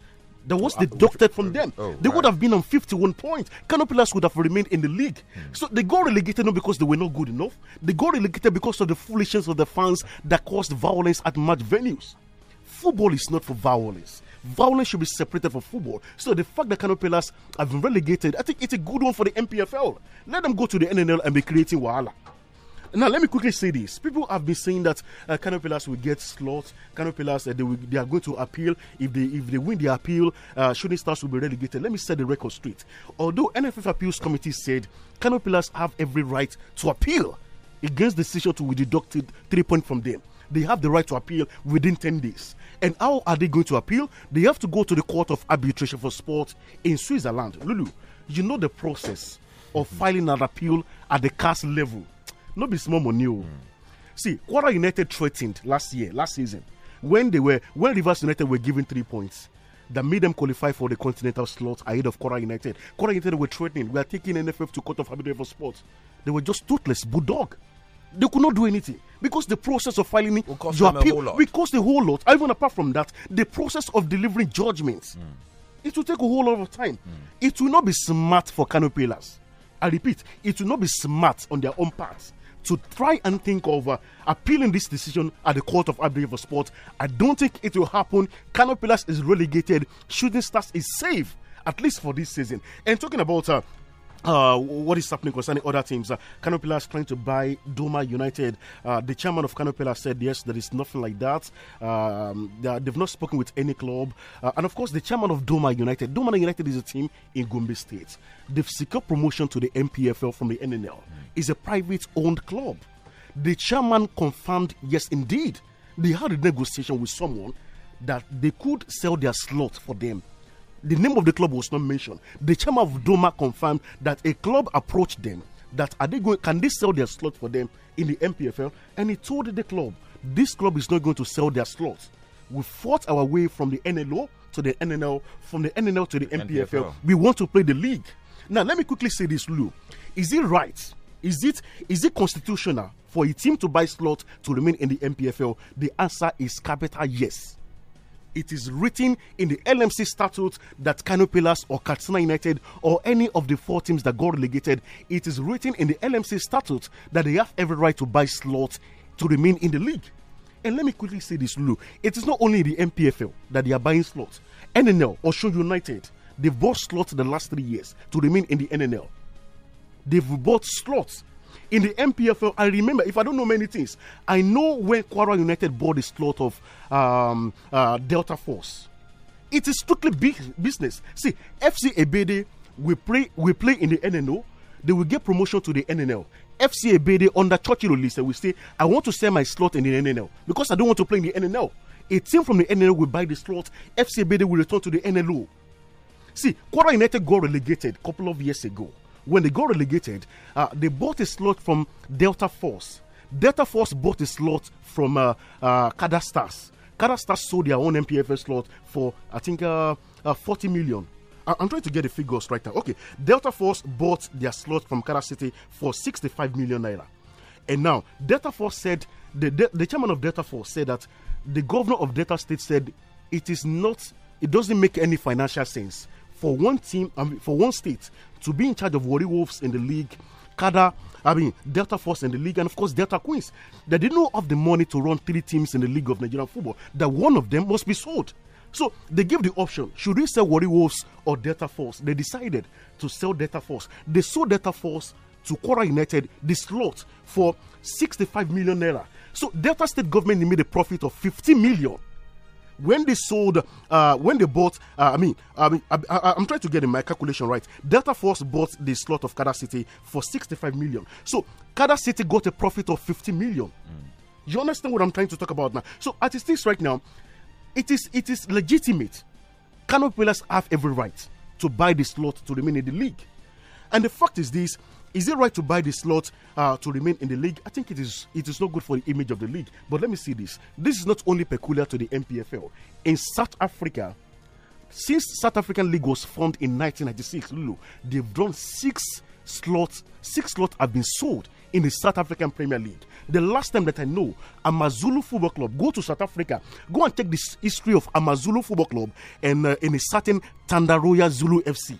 that was deducted from them. Oh, they right. would have been on 51 points. Canopilas would have remained in the league. Mm. So they got relegated not because they were not good enough. They got relegated because of the foolishness of the fans that caused violence at match venues. Football is not for violence. Violence should be separated from football. So the fact that Canopilas have been relegated, I think it's a good one for the MPFL. Let them go to the NNL and be creating Wahala. Now, let me quickly say this. People have been saying that uh, Canopilas will get slot. Canopilas, uh, they, will, they are going to appeal. If they if they win the appeal, uh, Shooting Stars will be relegated. Let me set the record straight. Although NFF Appeals Committee said Canopilas have every right to appeal against the decision to deduct three points from them they have the right to appeal within 10 days. And how are they going to appeal? They have to go to the Court of Arbitration for Sport in Switzerland. Lulu, you know the process of mm-hmm. filing an appeal at the CAS level no be small money o. Oh. See, Quora United threatened last year, last season, when they were when Rivers United were given three points that made them qualify for the continental slot ahead of Quora United. Quora United were threatening. We are taking NFF to court of arbitrary sports. They were just toothless bulldog. They could not do anything because the process of filing it, cost your appeal, because the whole lot. Even apart from that, the process of delivering judgments, mm. it will take a whole lot of time. Mm. It will not be smart for Kano Pillars. I repeat, it will not be smart on their own part to try and think of uh, appealing this decision at the Court of Appeal for Sport. I don't think it will happen. Canopilas is relegated. Shooting Stars is safe at least for this season. And talking about uh, uh, what is happening concerning other teams? Uh, Canopilla is trying to buy Duma United. Uh, the chairman of Canopilla said, yes, there is nothing like that. Um, they've not spoken with any club. Uh, and of course, the chairman of Duma United, Duma United is a team in Gombe State. They've secured promotion to the MPFL from the NNL. Mm. It's a private owned club. The chairman confirmed, yes, indeed, they had a negotiation with someone that they could sell their slot for them the name of the club was not mentioned. The chairman of Doma confirmed that a club approached them that are they going can they sell their slot for them in the MPFL? And he told the club, this club is not going to sell their slots. We fought our way from the NLO to the NNL, from the NNL to the, the MPFL. MPFL. We want to play the league. Now let me quickly say this, Lou. Is it right? Is it is it constitutional for a team to buy slot to remain in the MPFL? The answer is capital yes it is written in the LMC statute that Kano or Katsina United or any of the four teams that got relegated, it is written in the LMC statute that they have every right to buy slots to remain in the league. And let me quickly say this, Lulu. It is not only the MPFL that they are buying slots. NNL, or Show United, they've bought slots the last three years to remain in the NNL. They've bought slots in the MPFL. I remember, if I don't know many things, I know when Quara United bought the slot of um, uh, Delta Force. It is strictly business. See, FC Ebede we play we play in the NNO. They will get promotion to the NNL. FC Ebede under Churchill list will say, I want to sell my slot in the NNL because I don't want to play in the NNL. A team from the NNL will buy the slot. FC Ebede will return to the NLO. See, Quara United got relegated a couple of years ago when they got relegated, uh, they bought a slot from Delta Force. Delta Force bought a slot from uh, uh, sold their own MPFS slot for, I think, uh, uh 40 million. I am trying to get the figures right now. Okay, Delta Force bought their slot from Kada City for 65 million naira. And now, Delta Force said, the, the, the chairman of Delta Force said that the governor of Delta State said it is not, it doesn't make any financial sense for one team, I mean, for one state to be in charge of Warri Wolves in the league, Kada, I mean, Delta Force in the league, and of course, Delta Queens. They did not have the money to run three teams in the league of Nigerian football, that one of them must be sold. So they gave the option should we sell Warri Wolves or Delta Force? They decided to sell Delta Force. They sold Delta Force to Kora United the slot for 65 million naira. So Delta State government made a profit of 50 million when they sold, uh, when they bought, uh, I mean, I mean, I, am trying to get in my calculation right. Delta Force bought the slot of Kada City for 65 million. So Kada City got a profit of 50 million. Mm. You understand what I'm trying to talk about now? So at this right now, it is it is legitimate. Kano players have every right to buy the slot to remain in the league. And the fact is this is it right to buy the slot uh, to remain in the league? I think it is. It is not good for the image of the league. But let me see this. This is not only peculiar to the MPFL. In South Africa, since South African League was formed in 1996, Lulu, they've drawn six slots. Six slots have been sold in the South African Premier League. The last time that I know, Amazulu Football Club, go to South Africa, go and check this history of Amazulu Football Club and uh, in a certain Tandaroya Zulu FC.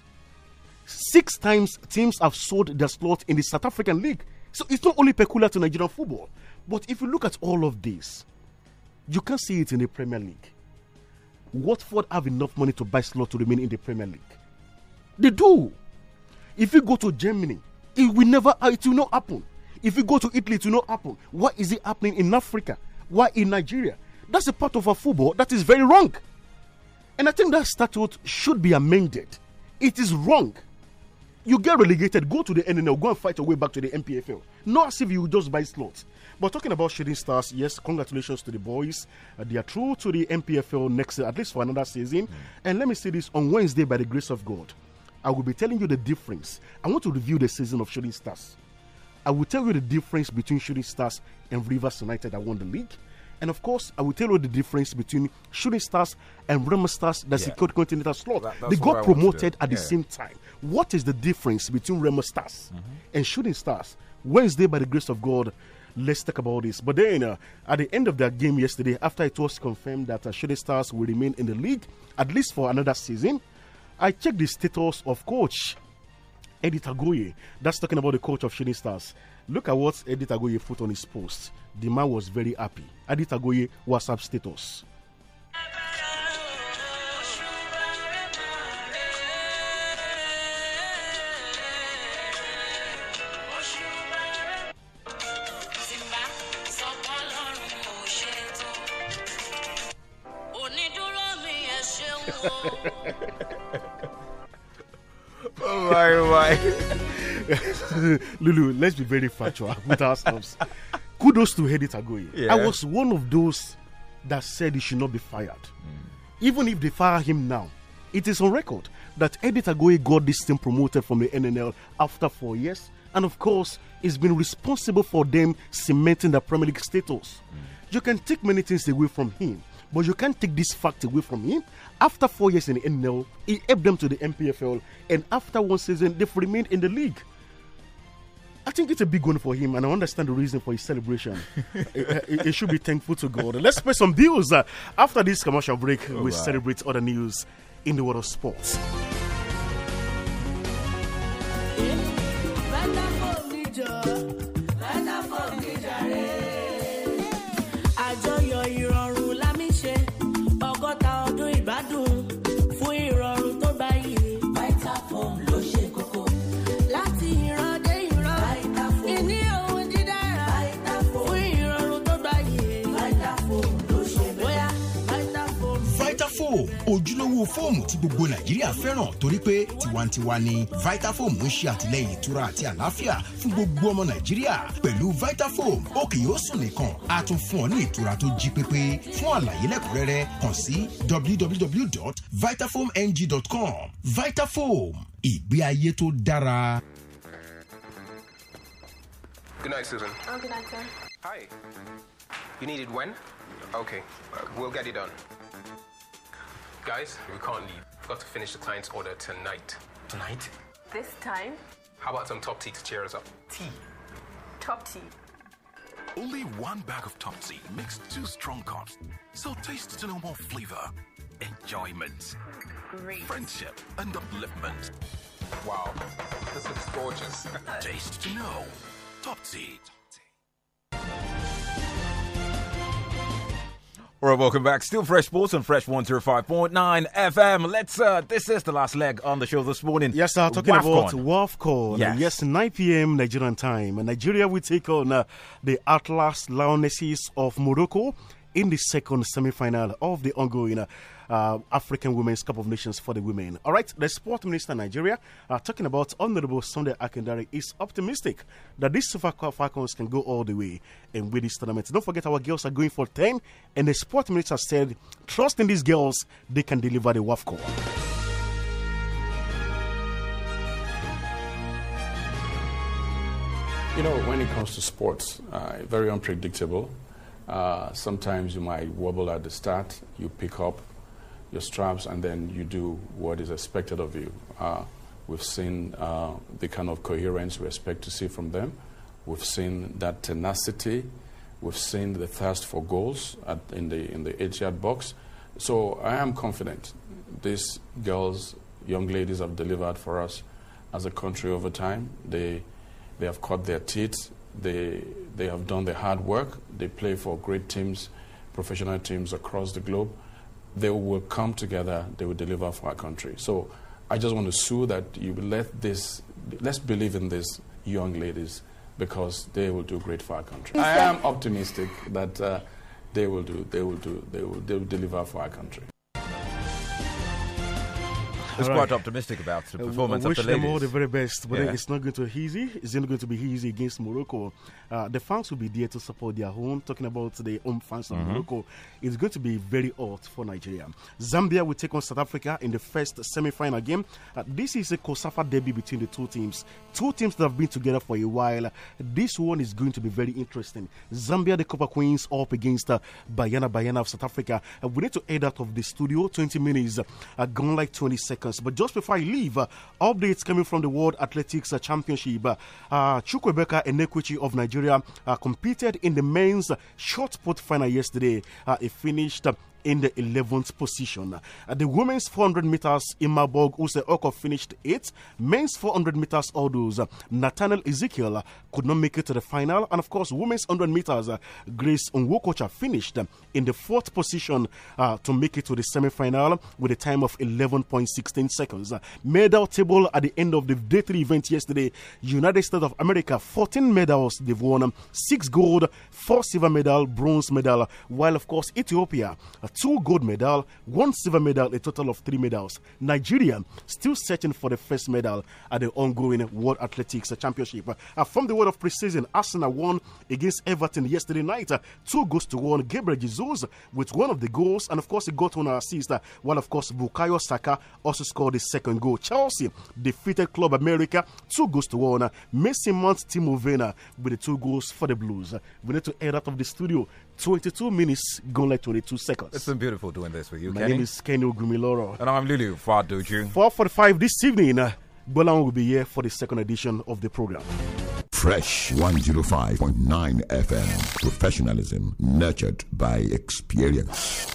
Six times teams have sold their slot in the South African League. So it's not only peculiar to Nigerian football. But if you look at all of this, you can see it in the Premier League. Watford have enough money to buy slot to remain in the Premier League. They do. If you go to Germany, it will never uh, it will not happen. If you go to Italy, it will not happen. Why is it happening in Africa? Why in Nigeria? That's a part of our football that is very wrong. And I think that statute should be amended. It is wrong you get relegated, go to the NNL, go and fight your way back to the MPFL. Not as if you just buy slots. But talking about Shooting Stars, yes, congratulations to the boys. Uh, they are true to the MPFL next, at least for another season. Mm. And let me say this on Wednesday, by the grace of God, I will be telling you the difference. I want to review the season of Shooting Stars. I will tell you the difference between Shooting Stars and Rivers United that won the league. And of course, I will tell you the difference between Shooting Stars and Remo Stars that yeah. secured continental slot. That, they got promoted at yeah. the same time. What is the difference between Remo stars mm -hmm. and shooting stars? Wednesday, by the grace of God, let's talk about this. But then, uh, at the end of that game yesterday, after it was confirmed that uh, Shooting Stars will remain in the league at least for another season, I checked the status of coach Edith Tagoye. That's talking about the coach of Shooting Stars. Look at what Edith Tagoye put on his post. The man was very happy. Eddie Tagoye WhatsApp status. oh my, my. <laughs> Lulu, let's be very factual with ourselves. Kudos to Hedy Tagoye. Yeah. I was one of those that said he should not be fired. Mm. Even if they fire him now, it is on record that Eddie Tagoye got this team promoted from the NNL after four years, and of course, he's been responsible for them cementing the Premier League status. Mm. You can take many things away from him, but you can't take this fact away from him. After four years in the NL, he helped them to the MPFL, and after one season, they've remained in the league. I think it's a big one for him, and I understand the reason for his celebration. <laughs> He should be thankful to God. Let's pay some bills. Uh, after this commercial break, All we right. celebrate other news in the world of sports. onírúurú fóòmù tí gbogbo nàìjíríà fẹ́ràn torí pé tiwantiwa ni vitafoam ń ṣe àtìlẹ́yìn ìtura àti àlàáfíà fún gbogbo ọmọ nàìjíríà pẹ̀lú vitafoam ó kì yóò sùn nìkan a tún fún ọ ní ìtura tó jí pépé fún àlàyé lẹ́kùnrẹ́rẹ́ kàn sí www.vitafoamng.com vitafoam ìgbé ayé tó dára. Good night, Susan. Oh, good night, sir. Hi. You need it when? Okay, uh, we'll get it done. Guys, we can't leave. We've got to finish the client's order tonight. Tonight? This time? How about some top tea to cheer us up? Tea. Top tea. Only one bag of top tea makes two strong cups. So taste to know more flavor, enjoyment, Great. friendship, and upliftment. Wow, this looks gorgeous. taste to know. Top tea. All right, welcome back. Still fresh sports on Fresh 105.9 FM. Let's, uh, this is the last leg on the show this morning. Yes, sir. Talking WAFCON. about WAFCON. Yes. yes, 9 p.m. Nigerian time. Nigeria will take on uh, the Atlas Lionesses of Morocco in the second semi final of the ongoing. Uh, uh, African Women's Cup of Nations for the women. All right, the Sport Minister Nigeria, uh, talking about Honorable Sunday Akindari, is optimistic that these Super Falcons can go all the way and win this tournament. Don't forget, our girls are going for 10, and the Sport Minister said, trust in these girls, they can deliver the WAFCO. You know, when it comes to sports, uh, very unpredictable. Uh, sometimes you might wobble at the start, you pick up, your straps, and then you do what is expected of you. Uh, we've seen uh, the kind of coherence we expect to see from them. We've seen that tenacity. We've seen the thirst for goals at, in the in the eight-yard box. So I am confident these girls, young ladies, have delivered for us as a country over time. They they have caught their teeth. They they have done the hard work. They play for great teams, professional teams across the globe they will come together, they will deliver for our country. So I just want to sue that you let this, let's believe in these young ladies because they will do great for our country. I am optimistic that uh, they will do, they will do, they will, they will deliver for our country was right. quite optimistic about the uh, performance I wish of the ladies. them all the very best, but yeah. it's not going to be easy. It's not going to be easy against Morocco. Uh, the fans will be there to support their home. Talking about the home fans of mm -hmm. Morocco, it's going to be very hot for Nigeria. Zambia will take on South Africa in the first semi-final game. Uh, this is a Kosafa debut between the two teams. Two teams that have been together for a while. This one is going to be very interesting. Zambia, the Copper Queens, up against uh, Bayana Bayana of South Africa. Uh, we need to head out of the studio. 20 minutes, uh, gone like 20 seconds. But just before I leave, uh, updates coming from the World Athletics uh, Championship. Uh, uh, Chukwebeka Enekwichi of Nigeria uh, competed in the men's short put final yesterday. Uh, he finished uh, in the 11th position. At uh, the women's 400 meters, Imabog Use Oko finished 8th. Men's 400 meters, Aldous uh, Nathaniel Ezekiel uh, could not make it to the final. And of course, women's 100 meters, Grace Onwokocha finished in the 4th position uh, to make it to the semi final with a time of 11.16 seconds. Medal table at the end of the day three event yesterday United States of America, 14 medals they've won, um, 6 gold, four silver medal, bronze medal, while of course Ethiopia, uh, two gold medal, one silver medal, a total of three medals. Nigeria still searching for the first medal at the ongoing World Athletics Championship. Uh, from the world of precision, Arsenal won against Everton yesterday night, uh, two goals to one. Gabriel Jesus with one of the goals, and of course he got one assist. while of course Bukayo Saka also scored the second goal. Chelsea defeated Club America two goals to one. Messi Mount, Timo with the two goals for the Blues. We need to head out of the studio. 22 minutes, gone like 22 seconds. It's been beautiful doing this with you, My Kenny. name is Kenny Ogumiloro. And I'm Lulu Fadoju. 4.45 this evening, uh, Bolan will be here for the second edition of the program. Fresh 105.9 FM. Professionalism nurtured by experience.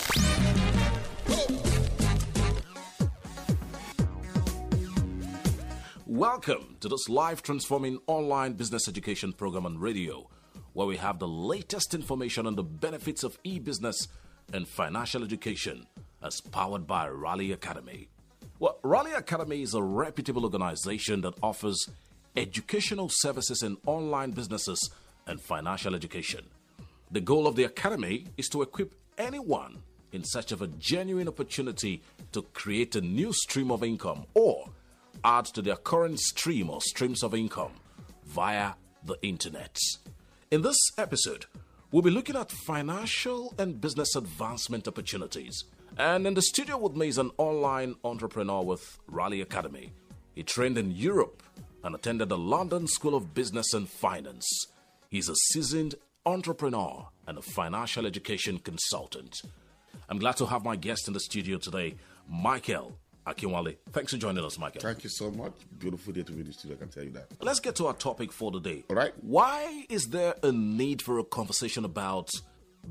Welcome to this live transforming online business education program on radio where we have the latest information on the benefits of e business and financial education, as powered by Raleigh Academy. Well, Raleigh Academy is a reputable organization that offers educational services in online businesses and financial education. The goal of the Academy is to equip anyone in search of a genuine opportunity to create a new stream of income or add to their current stream or streams of income via the internet. In this episode, we'll be looking at financial and business advancement opportunities. And in the studio with me is an online entrepreneur with Raleigh Academy. He trained in Europe and attended the London School of Business and Finance. He's a seasoned entrepreneur and a financial education consultant. I'm glad to have my guest in the studio today, Michael Akinwale. Thanks for joining us, Michael. Thank you so much. Beautiful day to be in the studio, I can tell you that. Let's get to our topic for the day. All right. Why is there a need for a conversation about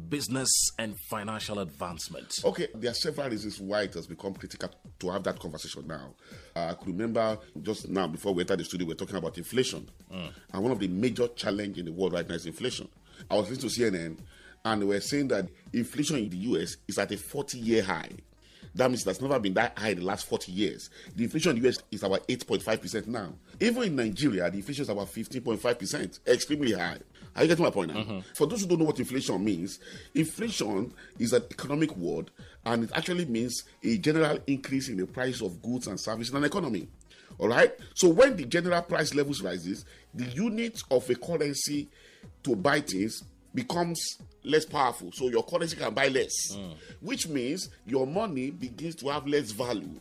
business and financial advancement? Okay, there are several reasons why it has become critical to have that conversation now. Uh, I could remember just now before we entered the studio, we are talking about inflation. Mm. And one of the major challenge in the world right now is inflation. I was listening to CNN and they were saying that inflation in the US is at a 40 year high. That means that's never been that high in the last 40 years. The inflation in the US is about 8.5% now. Even in Nigeria, the inflation is about 15.5%, extremely high. Are you getting my point now? Mm-hmm. For those who don't know what inflation means, inflation is an economic word and it actually means a general increase in the price of goods and services in an economy. All right. So when the general price levels rises, the unit of a currency to buy things becomes less powerful. So your currency can buy less, mm. which means your money begins to have less value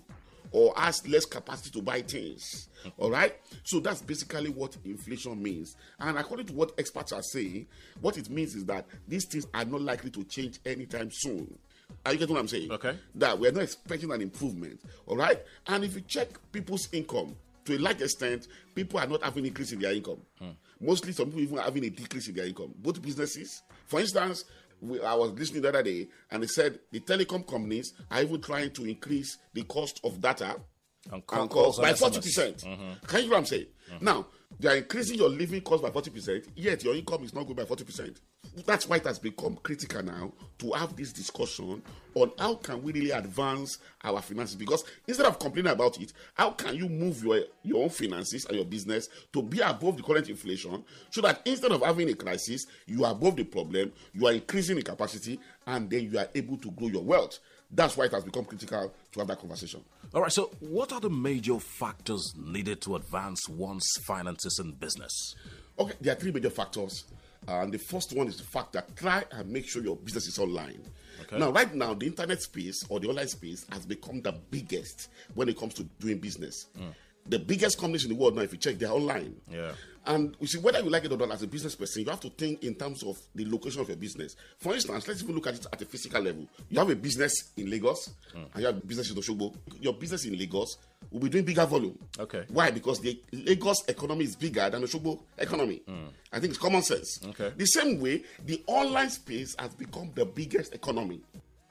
or has less capacity to buy things. Hmm. All right. So that's basically what inflation means. And according to what experts are saying, what it means is that these things are not likely to change anytime soon. Are you getting what I'm saying? Okay. That we're not expecting an improvement. All right. And if you check people's income, to a large extent, people are not having increase in their income. Hmm. Mostly, some people even having a decrease in their income. Both businesses, for instance, we, I was listening the other day, and they said the telecom companies are even trying to increase the cost of data and, and calls, by forty percent. Mm-hmm. Can you hear what I'm saying? Mm-hmm. Now, They are increasing your living cost by forty percent. yet your income is not going by forty percent. That's why it has become critical now to have this discussion on how can we really advance our finances. Because instead of complaining about it, how can you move your, your own finances and your business to be above the current inflation so that instead of having a crisis, you are above the problem, you are increasing the capacity, and then you are able to grow your wealth. That's why it has become critical to have that conversation. All right, so what are the major factors needed to advance one's finances and business? Okay, there are three major factors. And the first one is the fact that try and make sure your business is online. Okay. Now, right now, the internet space or the online space has become the biggest when it comes to doing business. Mm. The biggest companies in the world now, if you check, they're online. Yeah. And you see, whether you like it or not, as a business person, you have to think in terms of the location of your business. For instance, let's even look at it at a physical level. You have a business in Lagos mm. and you have business in Oshogbo. Your business in Lagos will be doing bigger volume. Okay. Why? Because the Lagos economy is bigger than the Oshogbo economy. Mm. I think it's common sense. Okay. The same way, the online space has become the biggest economy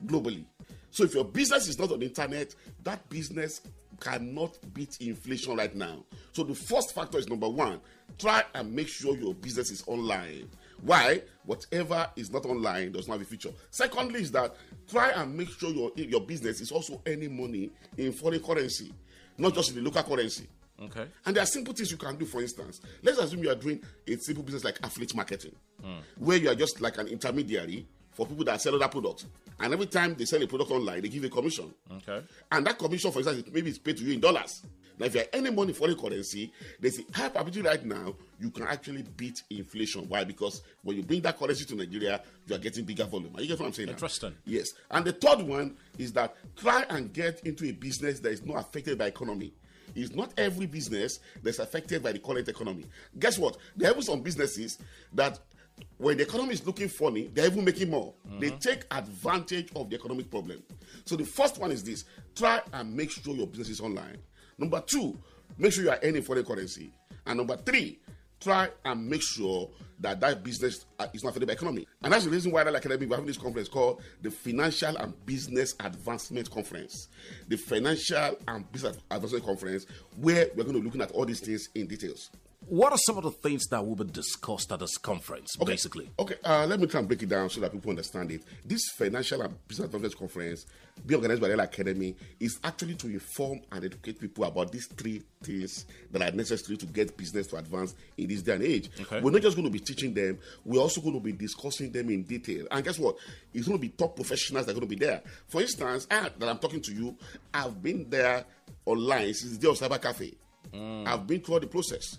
globally. So if your business is not on the internet, that business cannot beat inflation right now. So the first factor is number one, try and make sure your business is online. Why? Whatever is not online does not have a future. Secondly, is that try and make sure your your business is also earning money in foreign currency, not just in the local currency. Okay. And there are simple things you can do. For instance, let's assume you are doing a simple business like affiliate marketing, mm. where you are just like an intermediary for people that sell other products. And every time they sell a product online, they give a commission. Okay. And that commission, for example, maybe it's paid to you in dollars. Now, if you have any money foreign currency, there's a high probability right now you can actually beat inflation. Why? Because when you bring that currency to Nigeria, you are getting bigger volume. Are you get what I'm saying? Interesting. Now? Yes. And the third one is that try and get into a business that is not affected by economy. It's not every business that's affected by the current economy. Guess what? There are some businesses that when the economy is looking funny, they're even making more. Mm-hmm. They take advantage of the economic problem. So the first one is this: try and make sure your business is online. Number two, make sure you are earning foreign currency. And number three, try and make sure that that business uh, is not affected by economy. And that's the reason why like Academy we're having this conference called the Financial and Business Advancement Conference. The Financial and Business Advancement Conference, where we're going to be looking at all these things in details what are some of the things that will be discussed at this conference, okay. basically? Okay, uh, let me try and break it down so that people understand it. This Financial and Business Development Conference, be organized by the Academy, is actually to inform and educate people about these three things that are necessary to get business to advance in this day and age. Okay. We're not just going to be teaching them, we're also going to be discussing them in detail. And guess what? It's going to be top professionals that are going to be there. For instance, I, that I'm talking to you, I've been there online since the day of Cyber Cafe. Mm. I've been through all the process.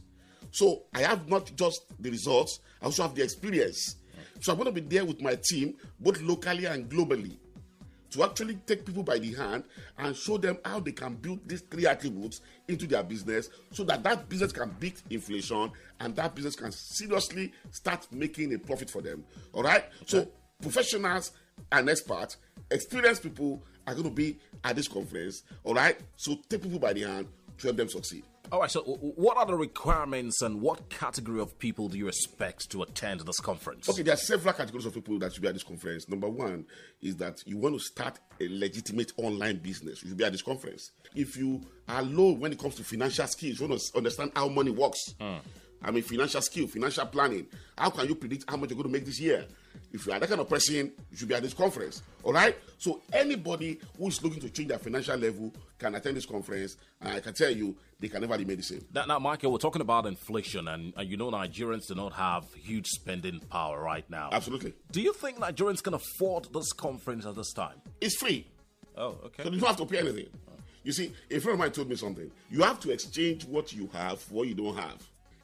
So I have not just the results, I also have the experience. So I'm going to be there with my team, both locally and globally, to actually take people by the hand and show them how they can build these three attributes into their business so that that business can beat inflation and that business can seriously start making a profit for them. All right? Okay. So professionals and experts, experienced people are going to be at this conference. All right? So take people by the hand to help them succeed. All right, so what are the requirements and what category of people do you expect to attend this conference? Okay, there are several categories of people that should be at this conference. Number one is that you want to start a legitimate online business, you should be at this conference. If you are low when it comes to financial skills, you want to understand how money works. Mm. I mean, financial skill, financial planning. How can you predict how much you're going to make this year? If you are that kind of person, you should be at this conference. All right. So anybody who is looking to change their financial level can attend this conference, and I can tell you they can never remain the same. Now, now Michael, we're talking about inflation, and, and you know Nigerians do not have huge spending power right now. Absolutely. Do you think Nigerians can afford this conference at this time? It's free. Oh, okay. So you don't have to pay anything. You see, a friend of mine told me something. You have to exchange what you have for what you don't have.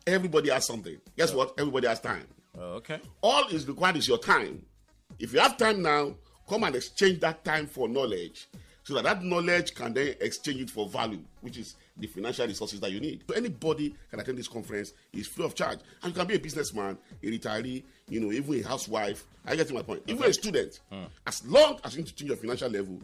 Everybody has something. Guess yeah. what? Everybody has time. Oh, okay. All is required is your time. If you have time now, come and exchange that time for knowledge so that that knowledge can then exchange it for value, which is the financial resources that you need. So anybody can attend this conference. It's free of charge. And you can be a businessman, a retiree, you know, even a housewife. I get my point. Even a student. Hmm. As long as you need to change your financial level,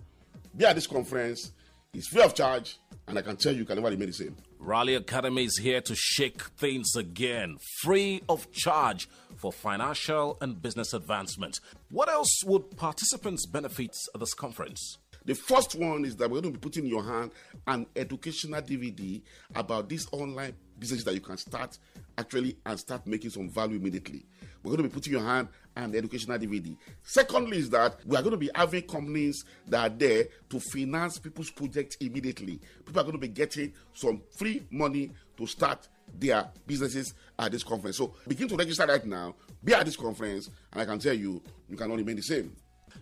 be at this conference – it's free of charge, and I can tell you, you can never remain the same. Raleigh Academy is here to shake things again, free of charge for financial and business advancement. What else would participants benefit at this conference? The first one is that we're going to be putting in your hand an educational DVD about this online business that you can start actually and start making some value immediately. We're going to be putting your hand and educational DVD. Secondly, is that we are going to be having companies that are there to finance people's projects immediately. People are going to be getting some free money to start their businesses at this conference. So begin to register right now, be at this conference, and I can tell you, you can only remain the same.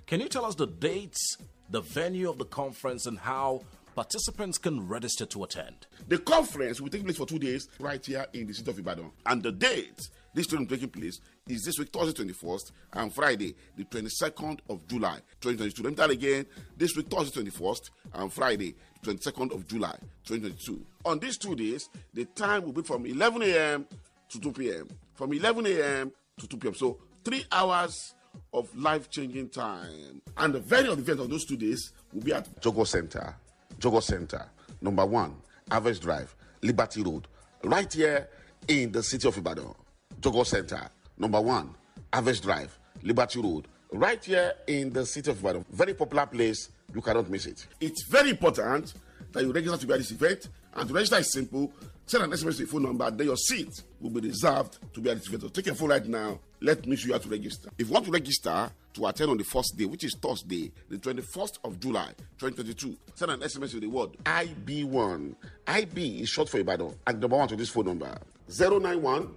Can you tell us the dates, the venue of the conference, and how participants can register to attend? The conference will take place for two days right here in the city of Ibadan. And the date this training taking place is this week, Thursday 21st and Friday, the 22nd of July 2022. Let me tell again, this week, Thursday 21st and Friday, 22nd of July 2022. On these two days, the time will be from 11 a.m. to 2 p.m. From 11 a.m. to 2 p.m. So three hours of life-changing time. And the venue of the event of those two days will be at Jogo Center. Jogo Center, number one, Average Drive, Liberty Road, right here in the city of Ibadan. Togo Center, number one, Average Drive, Liberty Road, right here in the city of Ibadan. Very popular place. You cannot miss it. It's very important that you register to be at this event. And to register is simple. Send an SMS to your phone number, then your seat will be reserved to be at this event. So take your phone right now. Let me show you how to register. If you want to register to attend on the first day, which is Thursday, the 21st of July, 2022, send an SMS to the word IB1. IB is short for Ibadan. And number one to this phone number 091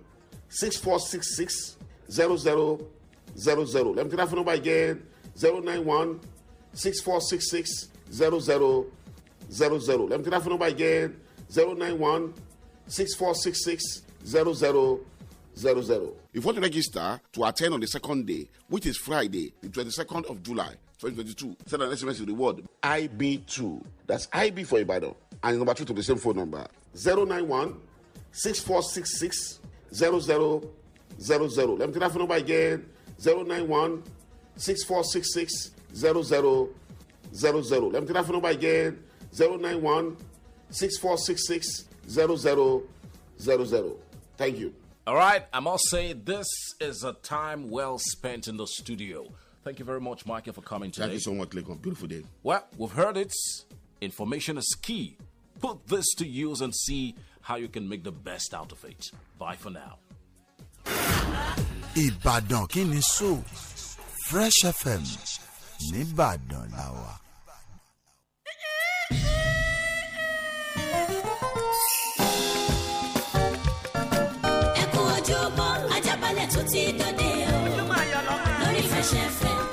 Six six six four zero zero zero zero. Let me get that phone number again Zero zero nine one six six six four zero zero zero. Let me get that phone number again Zero nine one six six six four zero zero zero. If you want to register to attend on the second day, which is Friday, the twenty-second of July 2022, send an SMS to the word IB2. That's IB for Ibadan. And number two to the same phone number 091 6466 0000. Let me take that phone number again 091 0000. Let me take that phone number again 091 0000. Thank you. All right, I must say this is a time well spent in the studio. Thank you very much, Michael, for coming today. Thank you so much, Lincoln. Beautiful day. Well, we've heard it. Information is key. Put this to use and see how you can make the best out of it. Bye for now. Ìbàdàn kini so Fresh FM nìbàdàn lawa. Ẹ kú ojúbọ Ajábalẹ̀ tó ti dòde o lórí Fresh FM.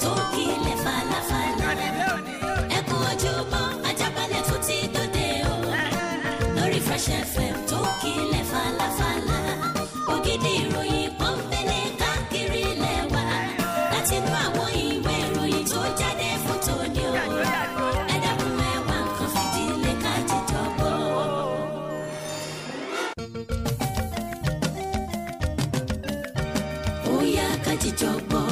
kájíjọ́gbọ́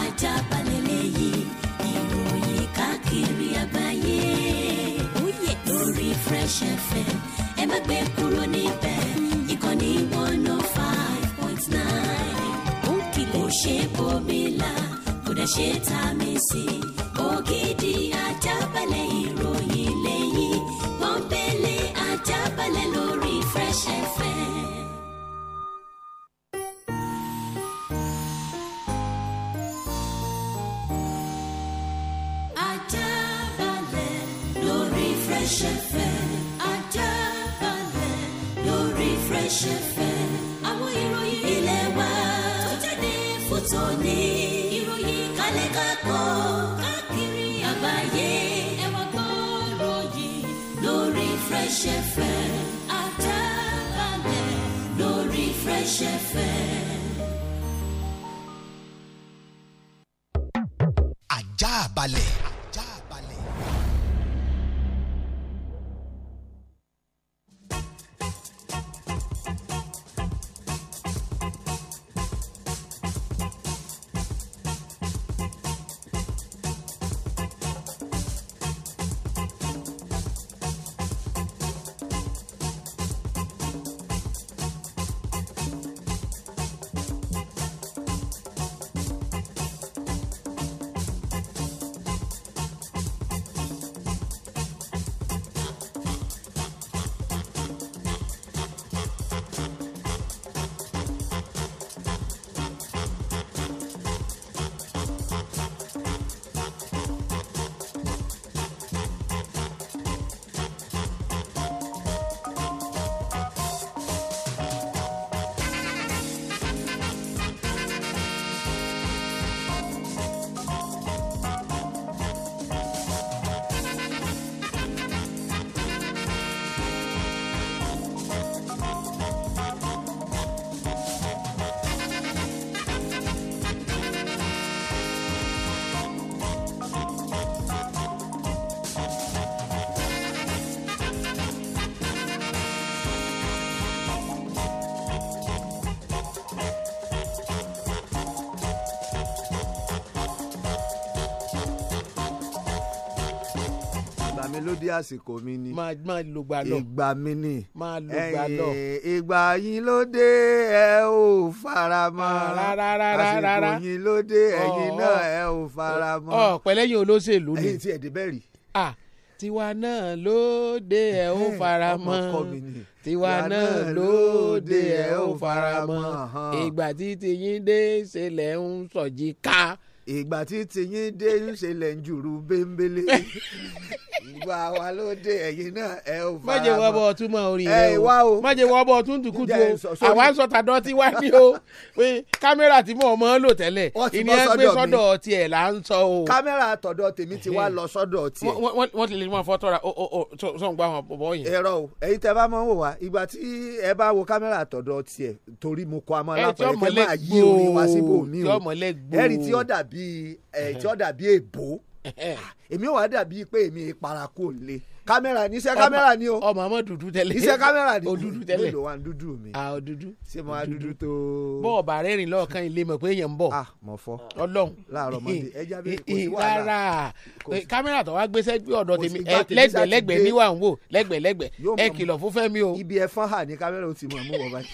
Ajaabale lẹ́yìn ìròyìn káàkiri àgbáyé. Oyè oh, lórí Fresh FM ẹ má gbé kúrò níbẹ̀ ìkànnì one oh five point nine. Ó kìlọ̀ ṣe bòmílà kò dẹ̀ ṣe tá a mi sí. Ògidì Ajaabale ìròyìn lẹ́yìn pọ́npẹ́lẹ́ Ajaabale lórí Fresh FM. Caixa FM. ló dé àsìkò mi ni. máa máa lò gbà lọ. ìgbà mi ni. máa lò gbà lọ. ìgbà yín ló dé ẹ ò fara mọ́. Ah, àsìkò yín ló dé ẹ̀yin oh. náà ẹ ò fara mọ́. ọ oh, pẹ̀lẹ́yìn olóṣèlú ni. ẹ̀yin tí ẹ̀ dé rí. ah tiwa náà ló dé ẹ ó fara mọ́ tiwa náà ló dé ẹ ó fara mọ́ ìgbà tí tiyín dé ṣẹlẹ̀ ń sọ̀jì ká ìgbà tí tiyín dé ṣe lẹ̀ ń jùrù bẹ́ńbélé ìgbà wa ló dé ẹ̀yin náà ẹ ò fara mọ́. májè wọ́ bọ̀ ọtún mọ́ orin rẹ o májè wọ́ bọ̀ ọtún dùkúdù o àwa ń sọ tàdọ́ tí wá ní o pé kámẹ́rà tí mò ń mọ́ lò tẹ́lẹ̀ ìní ẹ gbé sọ́dọ̀ tiẹ̀ là ń sọ o. kámẹ́rà tọ̀dọ̀ tèmi ti wá lọ sọ́dọ̀ tiẹ̀. wọ́n ti lè mọ fọ́tọ́ ra sọ̀ ń wọn bọ̀ yẹn. ẹ̀rọ o èyí tẹ bá mọ wò wá ìgbà tí ẹ bá wo kámẹ́rà tọ̀dọ̀ dàbí ẹ eh, tí ó dàbí èbó ah, èmi ò wá dàbí pé èmi paraku ò le kámẹ́rà ní iṣẹ́ kámẹ́rà ni o. ọmọ ọmọ dúdú tẹ́lẹ̀. iṣẹ́ kámẹ́rà ni o <laughs> Dudu tẹ́lẹ̀. mélòó wa ń dúdú mi. a ò dúdú. ṣé mo á dúdú tó. bọ́ọ̀ bá rẹ́rìn lọ́ọ̀kan ilé mọ̀ pé èèyàn ń bọ̀. ah mo fọ. ọlọ́run. láàárọ̀ mọ́ndé ẹja bẹ́ẹ̀ kò sí eh, eh, wàhálà. rárá kámẹ́rà tó wá gbéṣẹ́ gbé ọ̀dọ̀ tèmi lẹ́gbẹ̀ẹ́ lẹ́gbẹ̀ẹ́ níwà ń wò lẹ́gbẹ̀ẹ́ lẹ́gbẹ̀ẹ́ ẹ kìlọ̀ fún Fẹ́mi o. ibi ẹ̀fọn hà ní kámẹ́rà ó ti mọ̀ mú wọ báyìí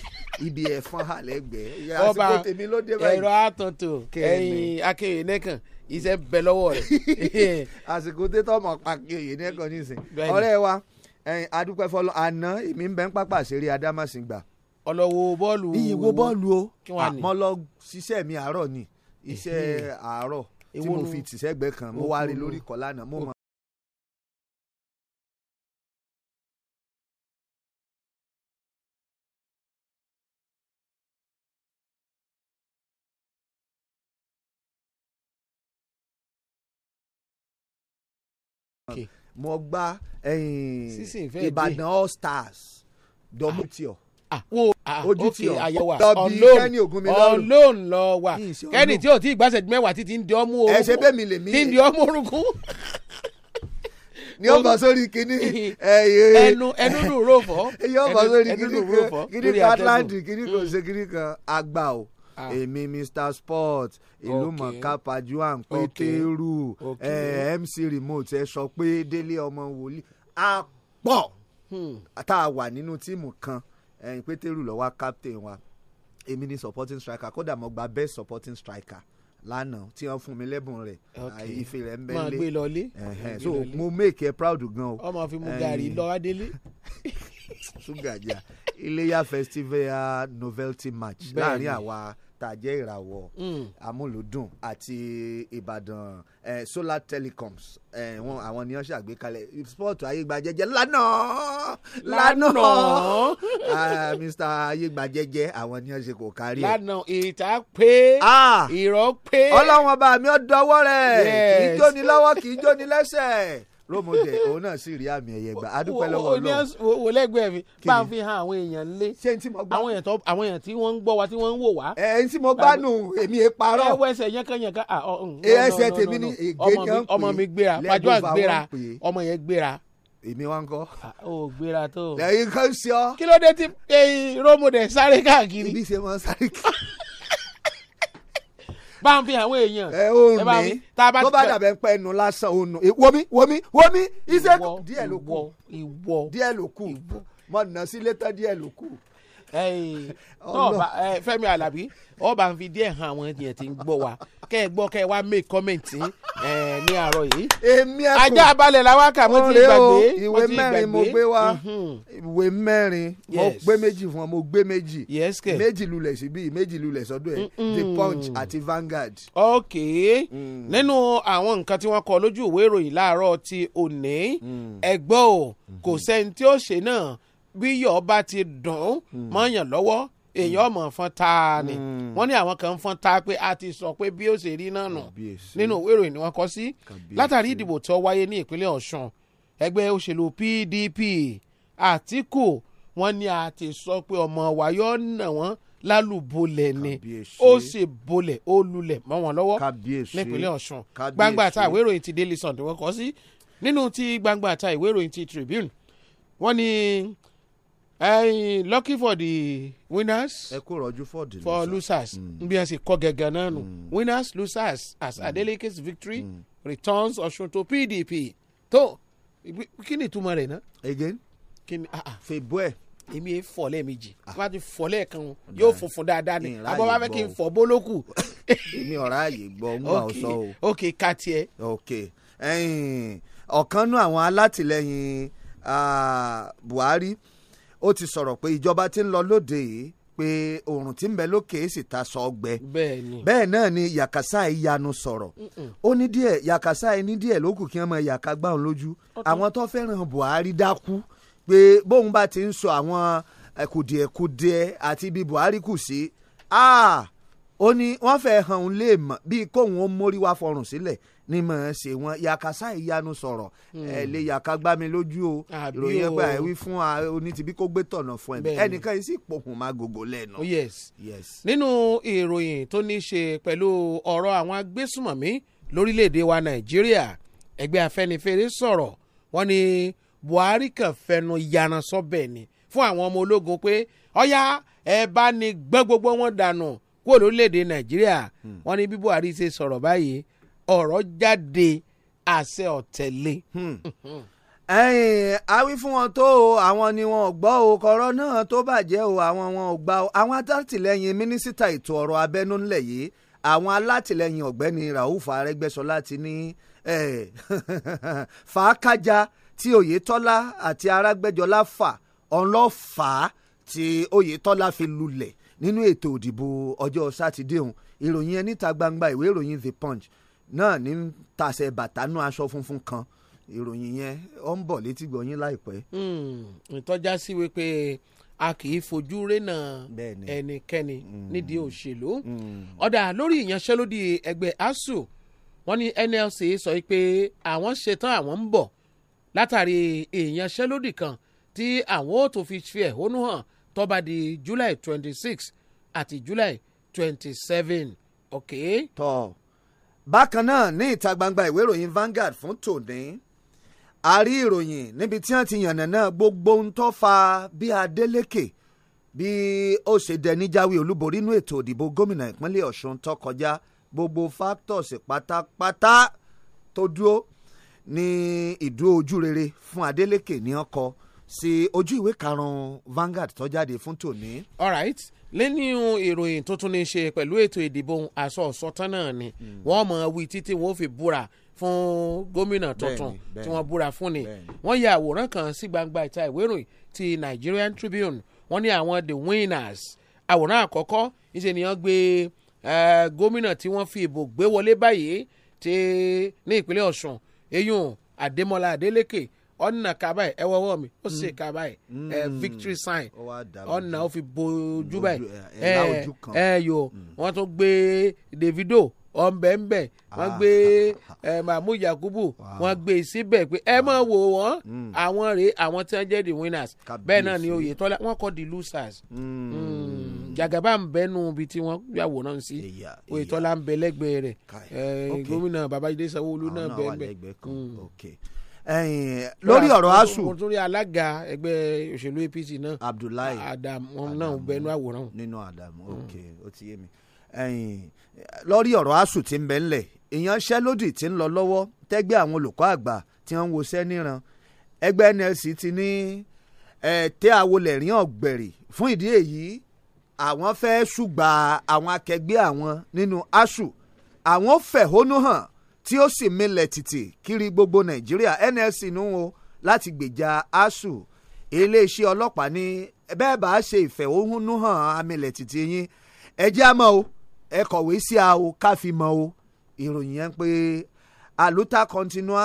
ibi ẹ̀fọn hà lẹ́gbẹ̀ẹ́. ọba ẹ̀rọ àtọ̀tọ̀ ẹ̀yìn akéwì lẹ́kàn iṣẹ́ bẹ lọ́wọ́ rẹ̀. <laughs> àsìkò tẹ tọmọ pàkí òye ní ẹkọ nísìn ọ̀rẹ́ wa adúpẹ́ fọlọ́ àná èmi ń bẹ ń pápá ṣeré adámàsìngbà. ọlọ́wọ́ bọ́ọ̀lù iyì wo bọ́ọ̀lù o àmọ́ lọ ṣiṣẹ́ mi àárọ̀ ni iṣẹ́ àárọ̀ tí mo fi tìṣẹ́gbẹ́ kan mo wá rí lórí kọ́ lánàá mo mọ mo gba Ìbàdàn All Stars dọ́mútìọ̀ ah. ah, ah, ojú tí ọ lọ bí kẹ́ni ogun mi lọ́rùn ọlọ́run lọ wà kẹ́ni tí ò tí ìgbàsẹ̀ mẹ́wàá títí ń di ọmú orúkún ẹ̀ṣẹ̀ bẹ́ẹ̀ mi lè mí tí ń di ọmú orúkún. ni ó bọ̀ sórí kínní <laughs> ẹnu ẹnu dùn kini fọ́ Kini dùn rò Kini kínní kini kínní kò ṣe kínní kan àgbà o. Ah. èmi mr sport ìlú mọ̀ká pajuan pétérù eh, mc remote ẹ sọ pé délé ọmọ wòlíì a pọ̀ hmm. tá a wà nínú tíìmù kan eh, pétérù lọ́wọ́ captain wa èmi ni supporting striker kódà mo gba best supporting striker lánàá tí wọ́n fún mi lẹ́bùn rẹ̀ ife ah, rẹ̀ ń bẹ lé máa gbé lọlé so mo make ẹ proud gan o. ọmọ fi mu eh, gàrí lọ́wọ́ délé. <laughs> ṣúgà jà iléyà festival novelty match láàrin àwa tàjẹ́ ìràwọ̀ hmm. amúlùdùn àti ìbàdàn eh, solar telecoms eh, wọn àwọn ni wọn ṣàgbékalẹ̀ spọ́ọ̀tù ayégbàjẹjẹ lánàá lánàá <laughs> ah, mr ayégbàjẹjẹ àwọn ni wọn ṣe kò kárí ẹ. lánàá ìta pé ah! ìrọ̀ pé. ọlọ́wọ́n bá mi ò dọwọ́ rẹ̀ kì í jóni lọ́wọ́ kì í jóni lẹ́sẹ̀ rómọdé òun náà sì rí àmì ẹ̀yẹ gbà adúpẹ́ lọ́wọ́ Ọlọ́run. wò lẹ́gbẹ̀ẹ́ mi bá ń fi hàn àwọn èèyàn lé àwọn èèyàn tí wọ́n ń gbọ́ wa tí wọ́n ń wò wá. ẹ ẹ tí mo gbánu èmi è parọ́. ẹ wọ ẹsẹ̀ yánkanyànkan. Ah, oh, mm, ẹsẹ̀ tèmi ni ègé yẹn ń pè ọmọ mi gbéra pàjọ́ àgbéra ọmọ yẹn gbéra èmi wá ń kọ́. Ah, o gbéra tó. lẹ́yìn kan ṣe ọ. kí ló dé tí eh, rómọdé sáré káàkiri. ibi ṣe máa ń sáré káàkiri. <laughs> bá ń fi àwọn èèyàn. ẹ ò ní tó bá dàbẹ̀ ń pẹ́ nu lásán e, ò nù wọ́mí wọ́mí wọ́mí iṣẹ́ díẹ̀ ló kù díẹ̀ ló kù mọ̀ sí létà díẹ̀ ló kù ọba <laughs> oh, eh, Fẹ́mi Alábí ọba ń fi díẹ̀ hàn àwọn èèyàn tí ń gbọ́ wa kẹ́ ẹ gbọ́ kẹ́ ẹ wá make comment eh, ní àárọ̀ yìí ajá balẹ̀ la wá kà mo ti gbàgbé mhm. ìwé mẹ́rin mo gbé wa. ìwé mẹ́rin mo gbé méjì fún ọ mo gbé méjì méjì lulẹ̀ síbí méjì lulẹ̀ sọ́dọ̀ ẹ̀ The Punch àti Vanguard. ok mm. nínú àwọn nǹkan tí wọ́n kọ lójú ìwé ìròyìn láàárọ̀ ti òní mm. ẹ̀gbọ́n kò mm-hmm. sẹ́ni tí ó ṣe náà bí yọ̀ bá ti dùn hmm. mọ́yàn lọ́wọ́ èèyàn ọmọ hmm. fọn taa ni hmm. wọ́n ní àwọn kan fọn taa pé a ti sọ pé bí ó ṣe rí náà nù nínú ìwé ìròyìn ni wọ́n kọ sí látàrí ìdìbò tó wáyé ní ìpínlẹ̀ Ọ̀ṣun ẹgbẹ́ òṣèlú PDP Àtíkù wọ́n ní a ti sọ pé ọmọ wa nà wọ́n lálùbọ́lẹ̀ ni ó sì bọ́lẹ̀ ó lulẹ̀ mọ́ wọn lọ́wọ́ nípínlẹ̀ Ọ̀ṣun gbangba àti àwérò ìtì Daily Sun tí wọ́n kọ sí nínú ti gbangba àti àwérò ìtì Tribune wọ́n ní ẹyin lucky for the winners. ẹ kó rọjú for losers. for losers mm. nbí ẹ sì kọ gẹ́gẹ́ náà nù mm. winners losers as mm. Adeleke's victory mm. returns Ọ̀ṣun to PDP tó kí ni ìtumọ̀ rẹ̀ náà. again kí ni ah ah. fèbó ẹ̀ èmi yẹn fọ lẹ́ẹ̀mejì ah. bá ti fọ lẹ́ẹ̀kan yóò funfun dáadáa ni àbọ̀ bá fẹ́ kí n fọ bólókù. <laughs> èmi ọ̀rá ààyè gbọ́ ń gbà ọ sọ o. ok ká tiẹ̀. ok ọ̀kan nú àwọn alátìlẹyìn ah, Buhari. Uh, ó ti sọ̀rọ̀ pé ìjọba ti ń lọ lóde yìí pé oòrùn tí ń bẹ lókè sì ta sọ ọgbẹ bẹ́ẹ̀ náà ni Yakasai yanu sọ̀rọ̀ ó ní díẹ̀ Yakasai ní díẹ̀ lókù kí wọ́n mọ yàkà gbà wọn lójú àwọn tó fẹ́ràn Buhari dákú pé bóun bá ti ń sọ àwọn eh, kùdìẹ̀kùdìẹ̀ àti ibi Buhari kù sí ah, ó ní wọ́n fẹ́ hàn lè mọ̀ bíi kóun ó mórí wá fọrùn sílẹ̀ si ní mọ̀ ṣe wọn yakasa ìyanu sọ̀rọ̀ hmm. ẹ lè yaka gbá mi lójú o ìròyìn ẹgbẹ́ ẹ wí fún onítìbí kó gbé tọ̀nà fún ẹ ẹnìkan yìí sì pohùn má gògó lẹ́nu. Oh, yes yes. nínú ìròyìn tó ní í ṣe pẹ̀lú ọ̀rọ̀ àwọn agbésùmọ̀mí lórílẹ̀‐èdè wa nàìjíríà ẹgbẹ́ afẹ́nifẹ́re sọ̀rọ̀ wọ́n ní buhari kan fẹnu yaran sọ́bẹ̀ ni fún àwọn ọmọ ológun pé ọ̀yá ẹ bá ní gbọ́n wọn dànù kúrò lórílẹ̀‐èdè nàìjíríà hmm. wọ́n ní bí buhari ṣe sọ̀rọ̀ báyìí ọ̀rọ̀ jáde àṣẹ ọ̀tẹ̀lé. Hmm. <laughs> ẹ̀yin awí fún wọn tó o àwọn ni wọn ò gbọ́ o kọ̀rọ̀ náà tó bàjẹ́ o àwọn wọn ò gbà o àwọn alátìlẹyìn mínísítà ètò ọ̀rọ̀ abẹ́nú ńlẹ̀ yìí àwọn alátìlẹyìn ọ̀gbẹ́ni Rauf Arẹ́gbẹ́ṣọlá ti ní <laughs> fàákájà tí Oyètọ́lá àti Arágbẹ́jọlá fà ọlọ́fàá tí Oyètọ́lá fi lulẹ̀ nínú ètò òdìbò ọjọ́ sátidé ìròyìn ẹni ta gbangba ìwé ìròyìn The Punch náà ní tàṣẹ bàtánú aṣọ funfun kan ìròyìn yẹn ó ń bọ̀ létí gbọ̀nyìn láìpẹ́. Hmm, ìtọ́já sí wípé a kì í fojú rénà ẹnikẹ́ni hmm. nídìí òṣèlú hmm. ọ̀dà lórí ìyanṣẹ́lódì ẹgbẹ́ ASUU wọ́n ní NLC sọ pé àwọn ṣetán àwọn ń bọ̀ látàrí ìyanṣẹ́lódì kan tí àwọn ò tó fi fi ẹ̀hónú hàn tó di July twenty six àti July twenty seven okay. tọ́ bákan náà ní ìta gbangba ìwé ìròyìn Vanguard fún tòní a rí ìròyìn níbi tí wọ́n ti yànnà náà gbogbo ohun tó fa bí Adeleke bí ó ṣe dẹni jáwé olúborí nínú ètò òdìbò gómìnà ìpínlẹ̀ Ọ̀ṣun tó kọjá gbogbo factors pátápátá tó dúró ní ìdúró ojú rere fún Adeleke ní ọkọ sí ojú ìwé karùn-ún Vanguard tó jáde fún tòní. all right lẹ́nu ìròyìn tuntun ní í ṣe pẹ̀lú ètò ìdìbò aṣọ ọ̀sọ́tán náà ni hmm. wọ́n mọ̀ wí títí wọ́n fi búra fún gómìnà tuntun tí wọ́n búra fún ni wọ́n ya àwòrán kan sí gbangba ìta ìwé ìròyìn ti Nigerian Tribune wọ́n ní àwọn the winners àwòrán àkọ́kọ́ ìṣe nìyẹn gbé gómìnà tí wọ́n fi ìbò gbé wọlé báyìí ti ní ìpínlẹ̀ Ọ̀ṣun eyín Adémọ́lá Adélékè ọ̀nà kaba yìí ẹwọ́ wọ́ mi ó sì mm. kaba yìí mm. victory sign ọ̀nà ó fi bojú báyìí ẹ ẹ yò mm. wọ́n tún gbé Davido ọ̀nbẹ̀nbẹ̀ ah. <laughs> wọ́n gbé Mahmood Yakubu wọ́n gbé síbẹ̀ pé ẹ mọ̀ wò wọ́n àwọn rèé àwọn tí wọ́n jẹ́ the winners bẹ́ẹ̀ náà ni Oyètọ́lá wọ́n kọ́ the losers. Mm. Mm jagaba ń bẹnu ibi tí wọn yàwòrán sí Oyètọ́lá ń bẹ lẹ́gbẹ̀ẹ́ rẹ̀ gómìnà Babájídé Sanwó-Olú náà bẹ ń lórí ọ̀rọ̀ asu. mo tún rí alága ẹgbẹ́ òṣèlú APC náà Abdullahi Adam wọn náà bẹnu àwòrán. nínú Adam mm. ok ó ti yé mi lórí ọ̀rọ̀ asu ti ń bẹ ńlẹ̀ ìyanṣẹ́lódì ti ń lọ lọ́wọ́ tẹ́gbẹ́ àwọn olùkọ́ àgbà tí wọ́n ń woṣẹ́ níran ẹgbẹ́ NLC ti ní tẹ́ àwọlẹ̀ rí ọ̀gbẹ̀rì fún ìdí èyí àwọn fẹ́ ṣùgbà àwọn akẹgbẹ́ àwọn nínú asu àwọn fẹ̀hónú hàn tí ó sì milẹ̀ tìtì kiri gbogbo nàìjíríà NLC nù o láti gbèjà ASUU iléeṣẹ́ ọlọ́pàá ní bẹ́ẹ̀ bá ṣe ìfẹ̀hónú hàn amilẹ̀ tìtì yín ẹ jẹ́ àmọ́ o ẹ kọ̀wé sí a o ká fi mọ́ o ìròyìn yẹn pé aluta continua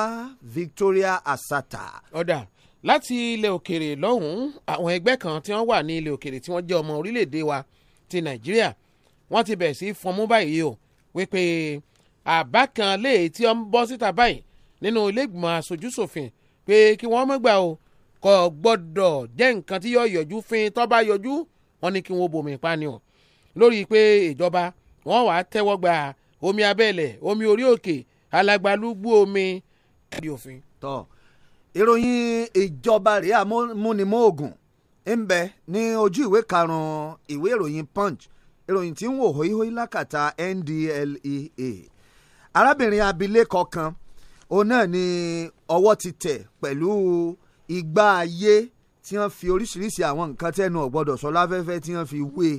Victoria Asata. ọ̀dà láti ilẹ̀ òkèrè lọ́hùn-ún àwọn ẹgbẹ́ kan tí wọ́n wà ní ilẹ̀ òkèrè tí wọ́n jẹ́ ọmọ orílẹ̀-èdè wa ti Nàìjíríà wọ́n ti bẹ̀rẹ̀ sí fọnmú báyìí o wípé àbá kan léè tí ó ń bọ́ síta báyìí nínú ilé ìgbìmọ̀ aṣojúṣòfin pé kí wọ́n mọ̀gbà o kò gbọ́dọ̀ jẹ́ nǹkan tí yóò yọjú fún tó bá yọjú wọn ni kí wọ́n bomi pa ni o lórí pé ìjọba wọn wàá tẹ́wọ́ gba omi abẹ́lẹ̀ omi orí òkè alagbalúgbú omi kábí òfin. tọ́ ìròyìn ìjọba rèé amúnimóògùn ń bẹ ní ojú ìwé karùn ìwé ìròyìn punch ìròyìn tí ń wò hóíhóí lákàtà NDLEA arábìnrin abilékọ kan òun náà ni ọwọ́ ti tẹ̀ pẹ̀lú igba ayé tí wọ́n fi oríṣiríṣi àwọn nǹkan tẹ́nu ọ̀gbọ́dọ̀ sọ láfẹ́fẹ́ tí wọ́n fi wé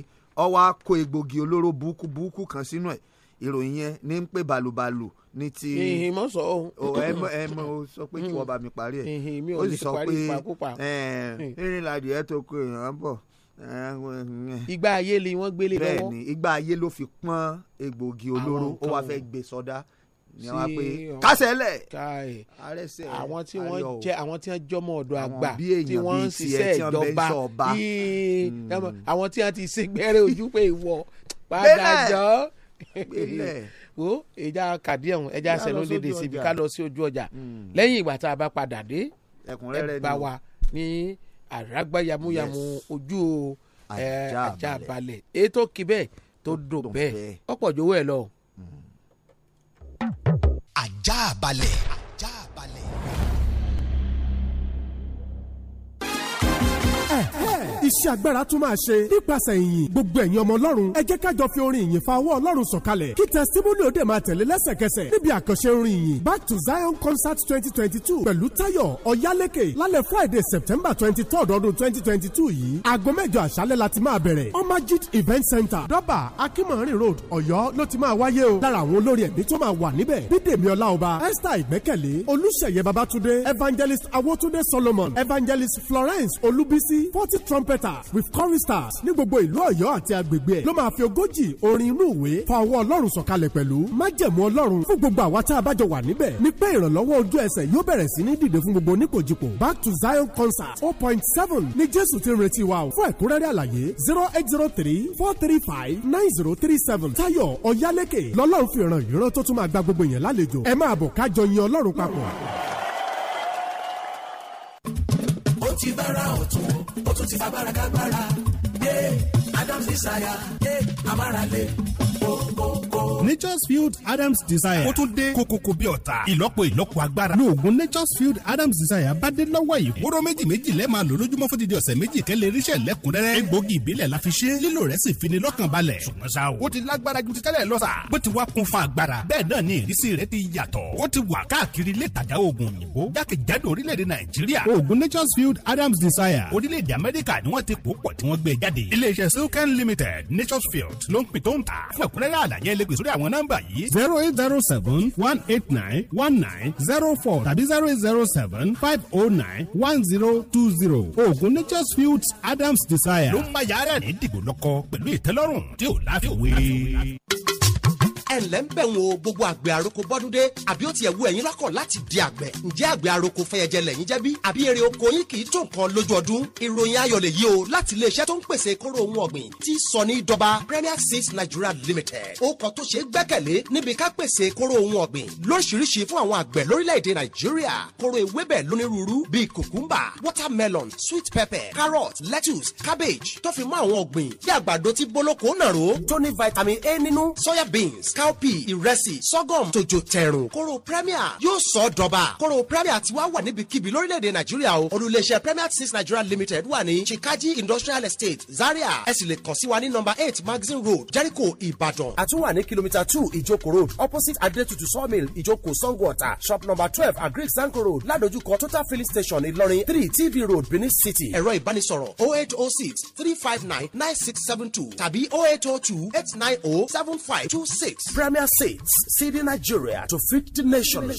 ọwọ́ e. á kó egbògi olóró burúkú burúkú kan sínú ẹ̀ ìròyìn yẹn ní ń pè bàlùbàlù ní ti. ìhìn sọ ohun. o ẹ mọ o sọ pé kí mm. wọn bá mi parí ẹ. ìhìn mi ò lè parí ìpakúpa. ó sì sọ pé ẹrin ládìí mm. ẹ tó kó èèyàn bọ̀ ìgbà ayé ni wọ́n gbélé lọ́wọ́ bẹ́ẹ̀ni ìgbà ayé ló fi pọ́n egbògi olóró ó wàá fẹ́ gbé sọdá ni wọ́n pe kásẹ̀lẹ̀ àrẹsẹ̀ àwọn tí wọ́n jẹ́ àwọn tí wọ́n jọmọ ọ̀dọ̀ àgbà tí wọ́n ń ṣiṣẹ́ ìjọba hmm. àwọn tí wọ́n ti ṣègbẹ́rẹ́ ojú pé ìwọ padà wo ìjà kàdí ẹ̀hún ẹja sẹ̀ló lédè síbi ká lọ sí ojú ọjà hmm. lẹ́yìn ìgbà tá a bá padà dé ẹ̀kúnrẹ́rẹ́ ni ẹ bá wa ní àràgbá yamuyamu ojú ajá balẹ̀ ètò kí tó dùn bẹ́ẹ̀ ọ̀pọ̀ jówó ẹ̀ lọ. ajá balẹ̀. ajá balẹ̀ iṣẹ́ agbára tún máa ṣe nípasẹ̀ ìyìn gbogbo ẹ̀yin ọmọ ọlọ́run ẹ jẹ́ kájọ fi orin ìyìn fa ọwọ́ ọlọ́run sọ̀kalẹ̀ kí tẹsítímọ́nì òde máa tẹ̀lé lẹ́sẹ̀kẹsẹ̀ níbi àkànṣe orin ìyìn back to zion concert 2022. twenty two pẹ̀lú táyọ̀ ọ̀yálékè lálẹ́ friday september 23rd, ọdún twenty twenty two yìí aago mẹ́jọ àṣálẹ́ la ti máa bẹ̀rẹ̀ omajid event center dọ́bà akínmọ̀rin road ọ̀yọ́ ló ti máa wáyé o lára àwọn olórin ẹ̀mí tó máa wà níbẹ̀ bídèmí ọláọba esther ìgbẹ́kẹ̀lé olùṣeyẹ babatunde evangelist awotunde solomon evangelist florence Olubisi, forty trumpet theatre with choristers ní gbogbo ìlú ọ̀yọ́ àti agbègbè ẹ̀ ló máa fi ogójì orin inú ìwé fa ọwọ́ ọlọ́run sọ̀kalẹ̀ pẹ̀lú májẹ̀mú ọlọ́run fún gbogbo àwa tá a bá jọ wà níbẹ̀ ni pé ìrànlọ́wọ́ ojú ẹsẹ̀ yóò bẹ̀rẹ̀ sí ní dìde fún gbogbo oníkojúpò back to zion concert oh point seven ni jésù ti ń retí wa o fún ẹ̀kúnrẹ́rẹ́ àlàyé zero eight zero three four three five nine zero three seven tayo ọ̀yálékè lọ́lọ́run fi ràn ìran tó tún máa gba gbogbo yẹn lálejò ẹ máa bọ̀ kájọ yin ọlọ́run papọ̀. ó ti bára ọ̀tún ó tún ti fagbára kágbára Adams Desire yeah, amárale kókókó. Nature's Field Adams Desire. ó tún dé kókókó bí ọ̀tá. ìlọ́po ìlọ́po agbára. lóògùn Nature's Field Adams Desire bá dé lọ́wọ́ yìí. wóró méjì méjì lẹ́ẹ̀ máa lò lójúmọ́ fún dídí ọ̀sẹ̀ méjì kẹ́lẹ́ irinṣẹ́ lẹ́kùnrẹ́rẹ́. egbògi ìbílẹ̀ la fi ṣe. lílo rẹ̀ sì fini lọ́kàn balẹ̀. ṣùgbọ́n ṣá o. ó ti lágbára ju ti tẹ́lẹ̀ lọ sà. bó ti wá kún fún agbára. bẹ́ẹ̀ náà ni ìrísí rẹ̀ ti yàtọ̀. Nature's Field Adams Desire. orílẹ̀-èdè Amẹ́ríkà ni wọ́n ti pò pọ̀ jáde. iléeṣẹ́ silken limited nature's field ló ń pín tó ń tà. fún ẹ̀kúnrẹ́rẹ́ àlàyé lè sórí àwọn nọ́mbà yìí. zero eight zero seven one eight nine one nine zero four tàbí zero eight zero seven five oh nine one zero two zero. oògùn nature's field adams desire. ló ń bá yàrá ní dìgbò lọ́kọ pẹ̀lú ìtẹ́lọ́rùn tí ò láfiwé ẹ̀ǹlẹ́ ń bẹ̀ wọ́n o gbogbo àgbẹ̀ àroko bọ́dúndé àbí ó tiẹ̀ wù ẹ̀yin lọ́kàn láti di àgbẹ̀ ǹjẹ́ àgbẹ̀ àroko fẹyẹjẹ lẹ̀yin jẹ́ bí àbí èrè oko yín kì í tó nǹkan lójú ọdún ìròyìn ayọ̀ lèyí o láti iléeṣẹ́ tó ń pèsè kóró ohun ọ̀gbìn tí sọ ní dọba Premier Six Nigeria Limited ó kọ tó ṣe gbẹ́kẹ̀lé níbi ká pèsè kóró ohun ọ̀gbìn lóríṣiríṣi fún àwọn àgbẹ̀ lórílẹ̀‐èdè Nàìjíríà kóró ewébẹ̀ lónírúurú watermelon sweet pepper carrot lettuce cabbage tó fi mọ́ àwọn ọ̀gbìn bí àgbàdo tí bólókòó nàró tó ní cowpea ìrẹsì sorghum tòjò tẹ̀rùn kóró premier yóò sọ dọba kóró premier ti wá wà níbikíbi lórílẹ̀‐èdè nàìjíríà o olùléṣẹ́ premier six nigeria limited wà ní chikaji industrial estate zaria ẹ sì lè kàn sí wa ní number eight magazine road jericho ìbàdàn. a tún wà ní kìlómítà two ìjókòó road opposite adetutu sawmill ìjókòó sangwater shop number twelve agric sanko road ládojúkọ total filling station ìlọrin three tv road benin city. ẹ̀rọ ìbánisọ̀rọ̀ oh eight oh six three five nine nine six seven two tàbí oh eight oh two eight nine oh seven five two six. Premier Seeds, seeding Nigeria to 50 nations.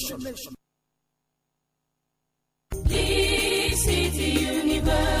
This is the universe.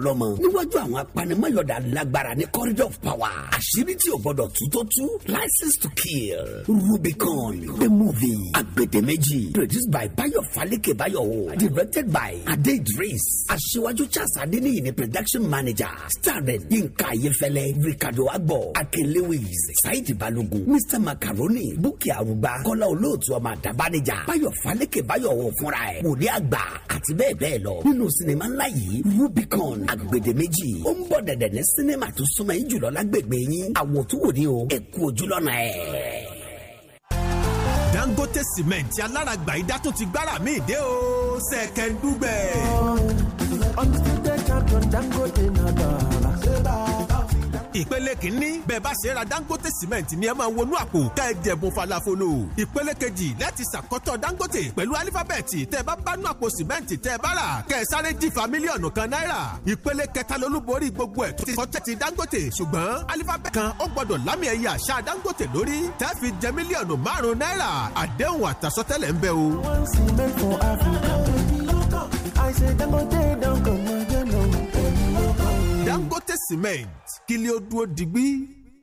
ọlọ́mọ níwájú àwọn apanimọ́yọ̀dà lagbara ní corridor of power àṣírí tí o gbọdọ̀ tú license to kill rubicon the movie agbèdémèjì produced by bayo falike bayowo directed by ade idris aṣíwájú charles adeniyi ni production manager starring yinka ayefẹlẹ ricardo agbo akin lewis saidi balogun mr macaroni bukki arugba kọ́lá olóòtú ọmọ àdàbánijà bayo falike bayowo fúnra ẹ̀ wòlíì àgbà àti bẹ́ẹ̀ bẹ́ẹ̀ lọ nínú sinimá ńlá yìí rubicon àgbèdémèjì ó ń bọ̀ dẹ̀dẹ̀ ní sinimá tó súnmọ́ yín jùlọ lágbègbè yín àwòtúwò ni o ẹ kú ojúlọ́nà ẹ̀. Dangote cement alárágbá idá tún ti gbára mi dé o ṣẹ̀kẹ̀ ń dúgbẹ̀. undisputed champion Dangote náà bàbá ìpele kìíní bẹ́ẹ̀ bá ṣe ra dangote cement ni ẹ máa wọnú àpò ká ẹ jẹ̀bùn falafolo ìpele kejì láti ṣàkọ́tọ̀ dangote pẹ̀lú alifábẹ́ẹ̀tì tẹ́ ẹ bá bánú àpò cement tẹ́ ẹ bá rà kẹ́ ẹ sáré jìfà mílíọ̀nù kan náírà ìpele kẹta lolúborí gbogbo ẹ̀ tó ti kọ́tẹ́ ti dangote ṣùgbọ́n alifábẹ́ẹ̀tì kan ó gbọ́dọ̀ lámì ẹ̀yẹ àṣà dangote lórí tẹ́ fi jẹ mílíọ̀nù márùn-ún náírà àdéhùn Dangote cement kí lè ó dúró digbí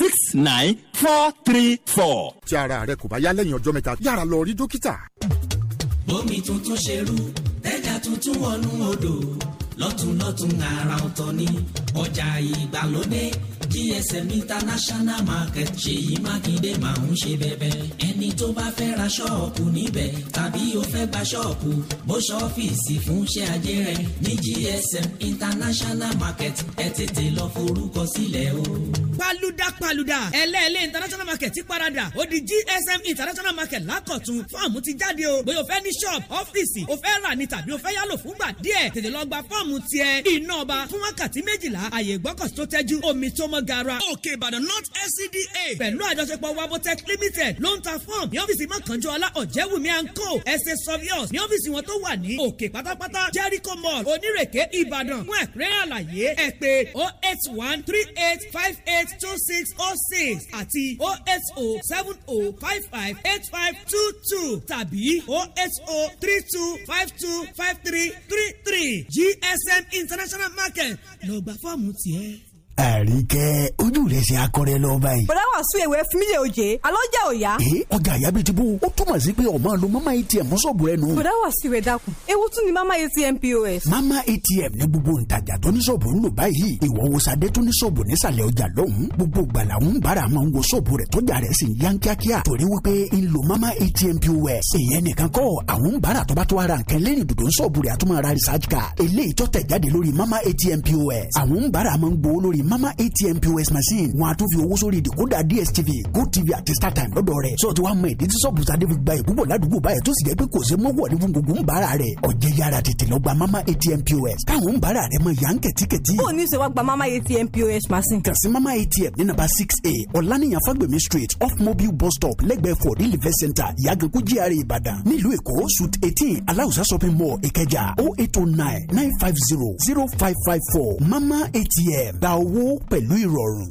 six nine four three four. tí ara rẹ kò bá yá lẹ́yìn ọjọ́ mẹ́ta yára lọ rí dókítà. bómi tuntun ṣe rú tẹ́jà tuntun wọnú odò lọ́tùnlọ́tùn àrà ọ̀tọ̀ ni ọjà ìgbàlódé gsm international market ṣèyí mákindé máa ń ṣe bẹbẹ ẹni tó bá fẹ́ ra ṣọ́ọ̀kù níbẹ̀ tàbí o fẹ́ gba ṣọ́ọ̀kù bó ṣọ́ọ̀fìsì fún ṣẹ́ ajé rẹ ní gsm international market ẹ tètè lọ forúkọ sílẹ̀ o. paluda paluda ẹlẹ́ẹ̀lẹ́ international market ti paradà ó di gsm international market lákọ̀tún fọ́ọ̀mù ti jáde o bóyá o fẹ́ ní ṣọ́ọ̀bù ọ́fíìsì o fẹ́ rà ní tàbí o fẹ́ yálò fúngbà díẹ̀ tètè lọ gba fọ́ọ̀mù tiẹ̀ iná ọba fún wákàtí méjìlá àyè ìgbọ́kọ̀sí tó lọ́wọ́ gara òkè ìbàdàn north scda pẹ̀lú àjọṣepọ̀ wabotech limited ló ń ta fọ́ọ̀mù ní ọ́fíìsì mọ́kànjọ́lá ọ̀jẹ̀wùmí anko ẹ̀sẹ̀ sọ́fíọ́s ní ọ́fíìsì wọn tó wà ní òkè pátápátá jericho mall onírèké ìbàdàn fún ẹ̀kúnrẹ́rẹ́ àlàyé ẹ pè o oh eight one three eight five eight two six oh six àti o oh eight oh seven oh five five eight five two two tàbí o oh eight oh three two five two five three three three gsm international market lọ gba fọ́ọ̀mù tiẹ̀ àríkẹ́ ojú rẹ̀ ṣe akọrẹ lọ báyìí. bọ̀dá wà sún ewé fún mi lè oje alọ́ jẹ́ òya. ee ọjà àyà bíi ti bó túmọ̀ sí pé ọmọ lo mama atm sọ̀bù rẹ nù. bọ̀dá wà sí ìwé dákun ewu tún ni mama atm pos. mama atm ní gbogbo ntajà tó ní sọ̀bù ń lò báyìí ìwọ wo sadé tó ní sọ̀bù nísàlẹ̀ ọjà lọ́hùn gbogbo gbala ń bára máa ń wo sọ̀bù rẹ̀ tọ́jà rẹ̀ sì ń yan kíákíá torí lo mama atm pos. èèyàn nìkan kọ́ àwọn bára tó bá tó ara nǹkan lẹ́yìn dòdò ń sọ̀bù rẹ̀ àtúmọ̀ ara research card eléyìí tó mama atm pos. àwọn bára máa ń mama atm pos machine wọn a tún fi owó sórí ìdìkódà dstv gotv àti startime lọ́dọ̀ rẹ̀ sọ ti wá mọ ìdí tí sọ́ọ̀bù sadé fi gba ìbúbọ̀ ládùúgbò báyẹn tó sì jẹ́ pé kò ṣe mọ́wọ́ ní gbogbo ń bára rẹ̀ ọ̀jẹ̀ yára tètè lọ gba mama atm pos káwọn ń bára rẹ̀ mọ ìyá ń kẹ̀tíkẹ̀tí. ó ní sèwá gba mama atm pos machine. kàn sí mama atm ní nàbà six a ọ̀lànìyàn fagbemi street off mobile bus stop lẹ́gbẹ̀ẹ́ for the live center yagaku gra ìbàdàn nílùú èkó suit eighteen aláùsá shopping mall ìkẹjà o oh eight o oh nine nine five zero zero five five four mama atm gba owó owó pẹ̀lú ìrọ̀rùn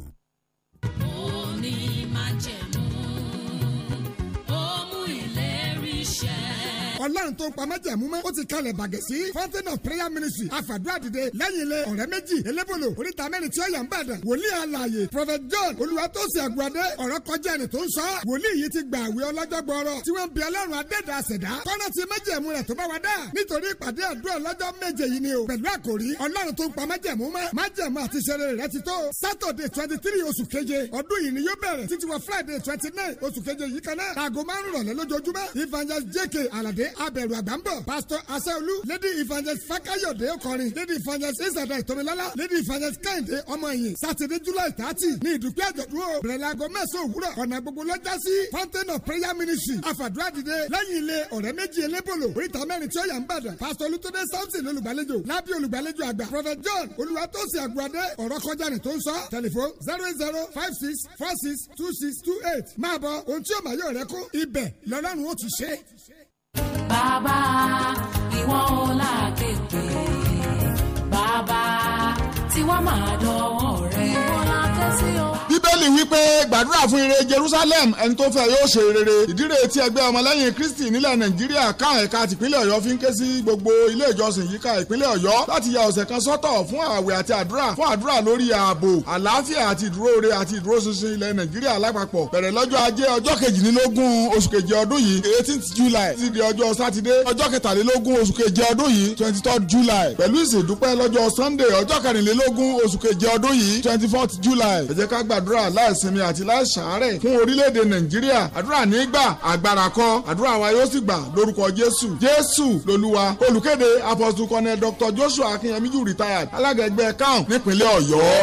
satan tó ń pa májẹ̀mú mọ́ ó ti kalẹ̀ bàgẹ́ sí fountain of prayer ministry àfàdúrà lẹ́yìn ilé ọ̀rẹ́ méjì elébòlò oríta mẹ́rin tí ó yàn bàdàn wòlíì alààyè prophet john olùwàtòsí àgùràdé ọ̀rọ̀ kọjá ẹni tó ń sọ wòlíì yìí ti gba àwẹ̀ ọlọ́jọ́ gbọ́ọ̀rọ̀ tí wọ́n bí ọlọ́run adẹ́dà àṣẹ̀dá kọ́nà ti májẹ̀mú rẹ̀ tó bá wa dá nítorí ìpàdé àdúrà ọlọ́jọ́ méje yìí ni o pẹ̀lú àkòrí ọlọ́run tó ń pa májẹ̀mú mọ́ májẹ̀mú àti ìṣeré rẹ̀ ti tó sátọ̀dẹ̀ twenty three oṣù keje ọdún yìí ni yóò bẹ̀rẹ̀ títí wọ friday twenty nine oṣù keje yìí kan náà aago márùn-ún rọ̀lẹ́ lójoojúmọ́ evangelist jk alade ab abẹ̀rù àgbà ń bọ̀ pastor asẹ́olú lady evangelist fakayode okọrin lady evangelist isada ìtòmilálá lady evangelist kẹ́hìndé ọmọ ẹ̀yìn sátidé july thirty ní ìdúpẹ́ àjọ̀dún o bẹ̀rẹ̀ láago mẹ́sàn-án òwúrọ̀ ọ̀nà gbogbo lọ́jà sí fountain of prayer ministry àfàdúrà dìde lẹ́yìn ilé ọ̀rẹ́ méjì elébòlò oríta mẹ́rin tí ó yà ń bàdàn pastor olùtọ́dé samson olùgbàlejò lábí olùgbàlejò prophet john olùwàtòsí àgùadé ọ̀rọ̀ telephone zero zero five six four six two six two eight máa bọ̀ ohun tí ó máa yọ̀ rẹ́kún ibẹ̀ bàbá ìwọ ò là kéèké bàbá tí wọ́n máa dọ̀wọ́ rẹ̀ bíbélì wípé gbàdúrà fún ire jerusalem ẹni tó fẹ́ yóò ṣe rere ìdíre tí ẹgbẹ́ ọmọlẹ́yìn kristi nílẹ̀ nàìjíríà káwọn ẹ̀ka tìpínlẹ̀ ọ̀yọ́ fi ń ké sí gbogbo ilé ìjọsìn yíká ìpínlẹ̀ ọ̀yọ́ láti ya ọ̀sẹ̀ kan sọ́tọ̀ fún ààwẹ̀ àti àdúrà fún àdúrà lórí ààbò àlàáfíà àti ìdúróore àti ìdúróṣinṣin ilẹ̀ nàìjíríà lápapọ̀ bẹ̀rẹ̀ lọ́jọ́ ajé ọjọ́ kejìlélógún oṣù keje ọdún yìí eighteenth july ti di ọjọ́ sátidé ọjọ́ kẹtàlélógún oṣù keje ọdún yìí twenty third july pẹ̀lú ìsìndúpẹ́ lọ́jọ́ sunday ọjọ́ kẹrìnlélógún oṣù keje ọdún yìí twenty fourth july life ẹ jẹ́ ká gbàdúrà láìsinmi àti láìsàárẹ̀ fún orílẹ̀-èdè nàìjíríà àdúrà ní gbà agbára kọ́ àdúrà wa yóò sì gbà lórúkọ jésù jésù lolúwa olùkéde apọ́sù dr joshua akínyẹmíjú retired alága ẹgbẹ́ kan nípínlẹ̀ ọ̀yọ́.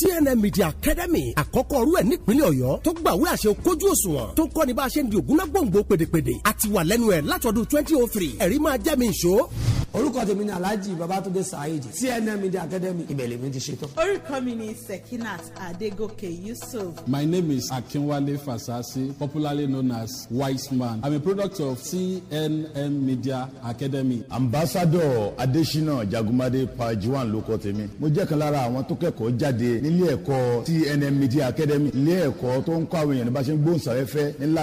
TNM Media Academy àkọ́kọ́ ọ̀rú ẹ̀ nípínlẹ̀ Ọ̀yọ́ tó gbàwé àṣẹ kójú òṣùwọ̀n tó ń kọ́ni bá a ṣe ń di ògúnná gbòǹgbò pèdèpèdè àti wà lẹ́nu ẹ̀ látọdún twenty oh three ẹ̀rí máa jẹ́ mi ìṣó orúkọ tèmi ni alhaji babatunde saheed cnn media academy ìbẹ̀lẹ̀ mi ti ṣetán. orúkọ mi ni sekinat adegoke yusuf. my name is akinwale fasasi popularly known as wise man i'm a product of cnn media academy. ambassador adesina jagunmade pajuwan ló kọ tèmi mo jẹ́ kan lára àwọn tó kẹ́kọ̀ọ́ jáde nílé ẹ̀kọ́ cnn media academy ilé ẹ̀kọ́ tó ń kọ́ àwọn èèyàn ní bá ṣe ń gbóhùnsáfẹ́fẹ́ ńlá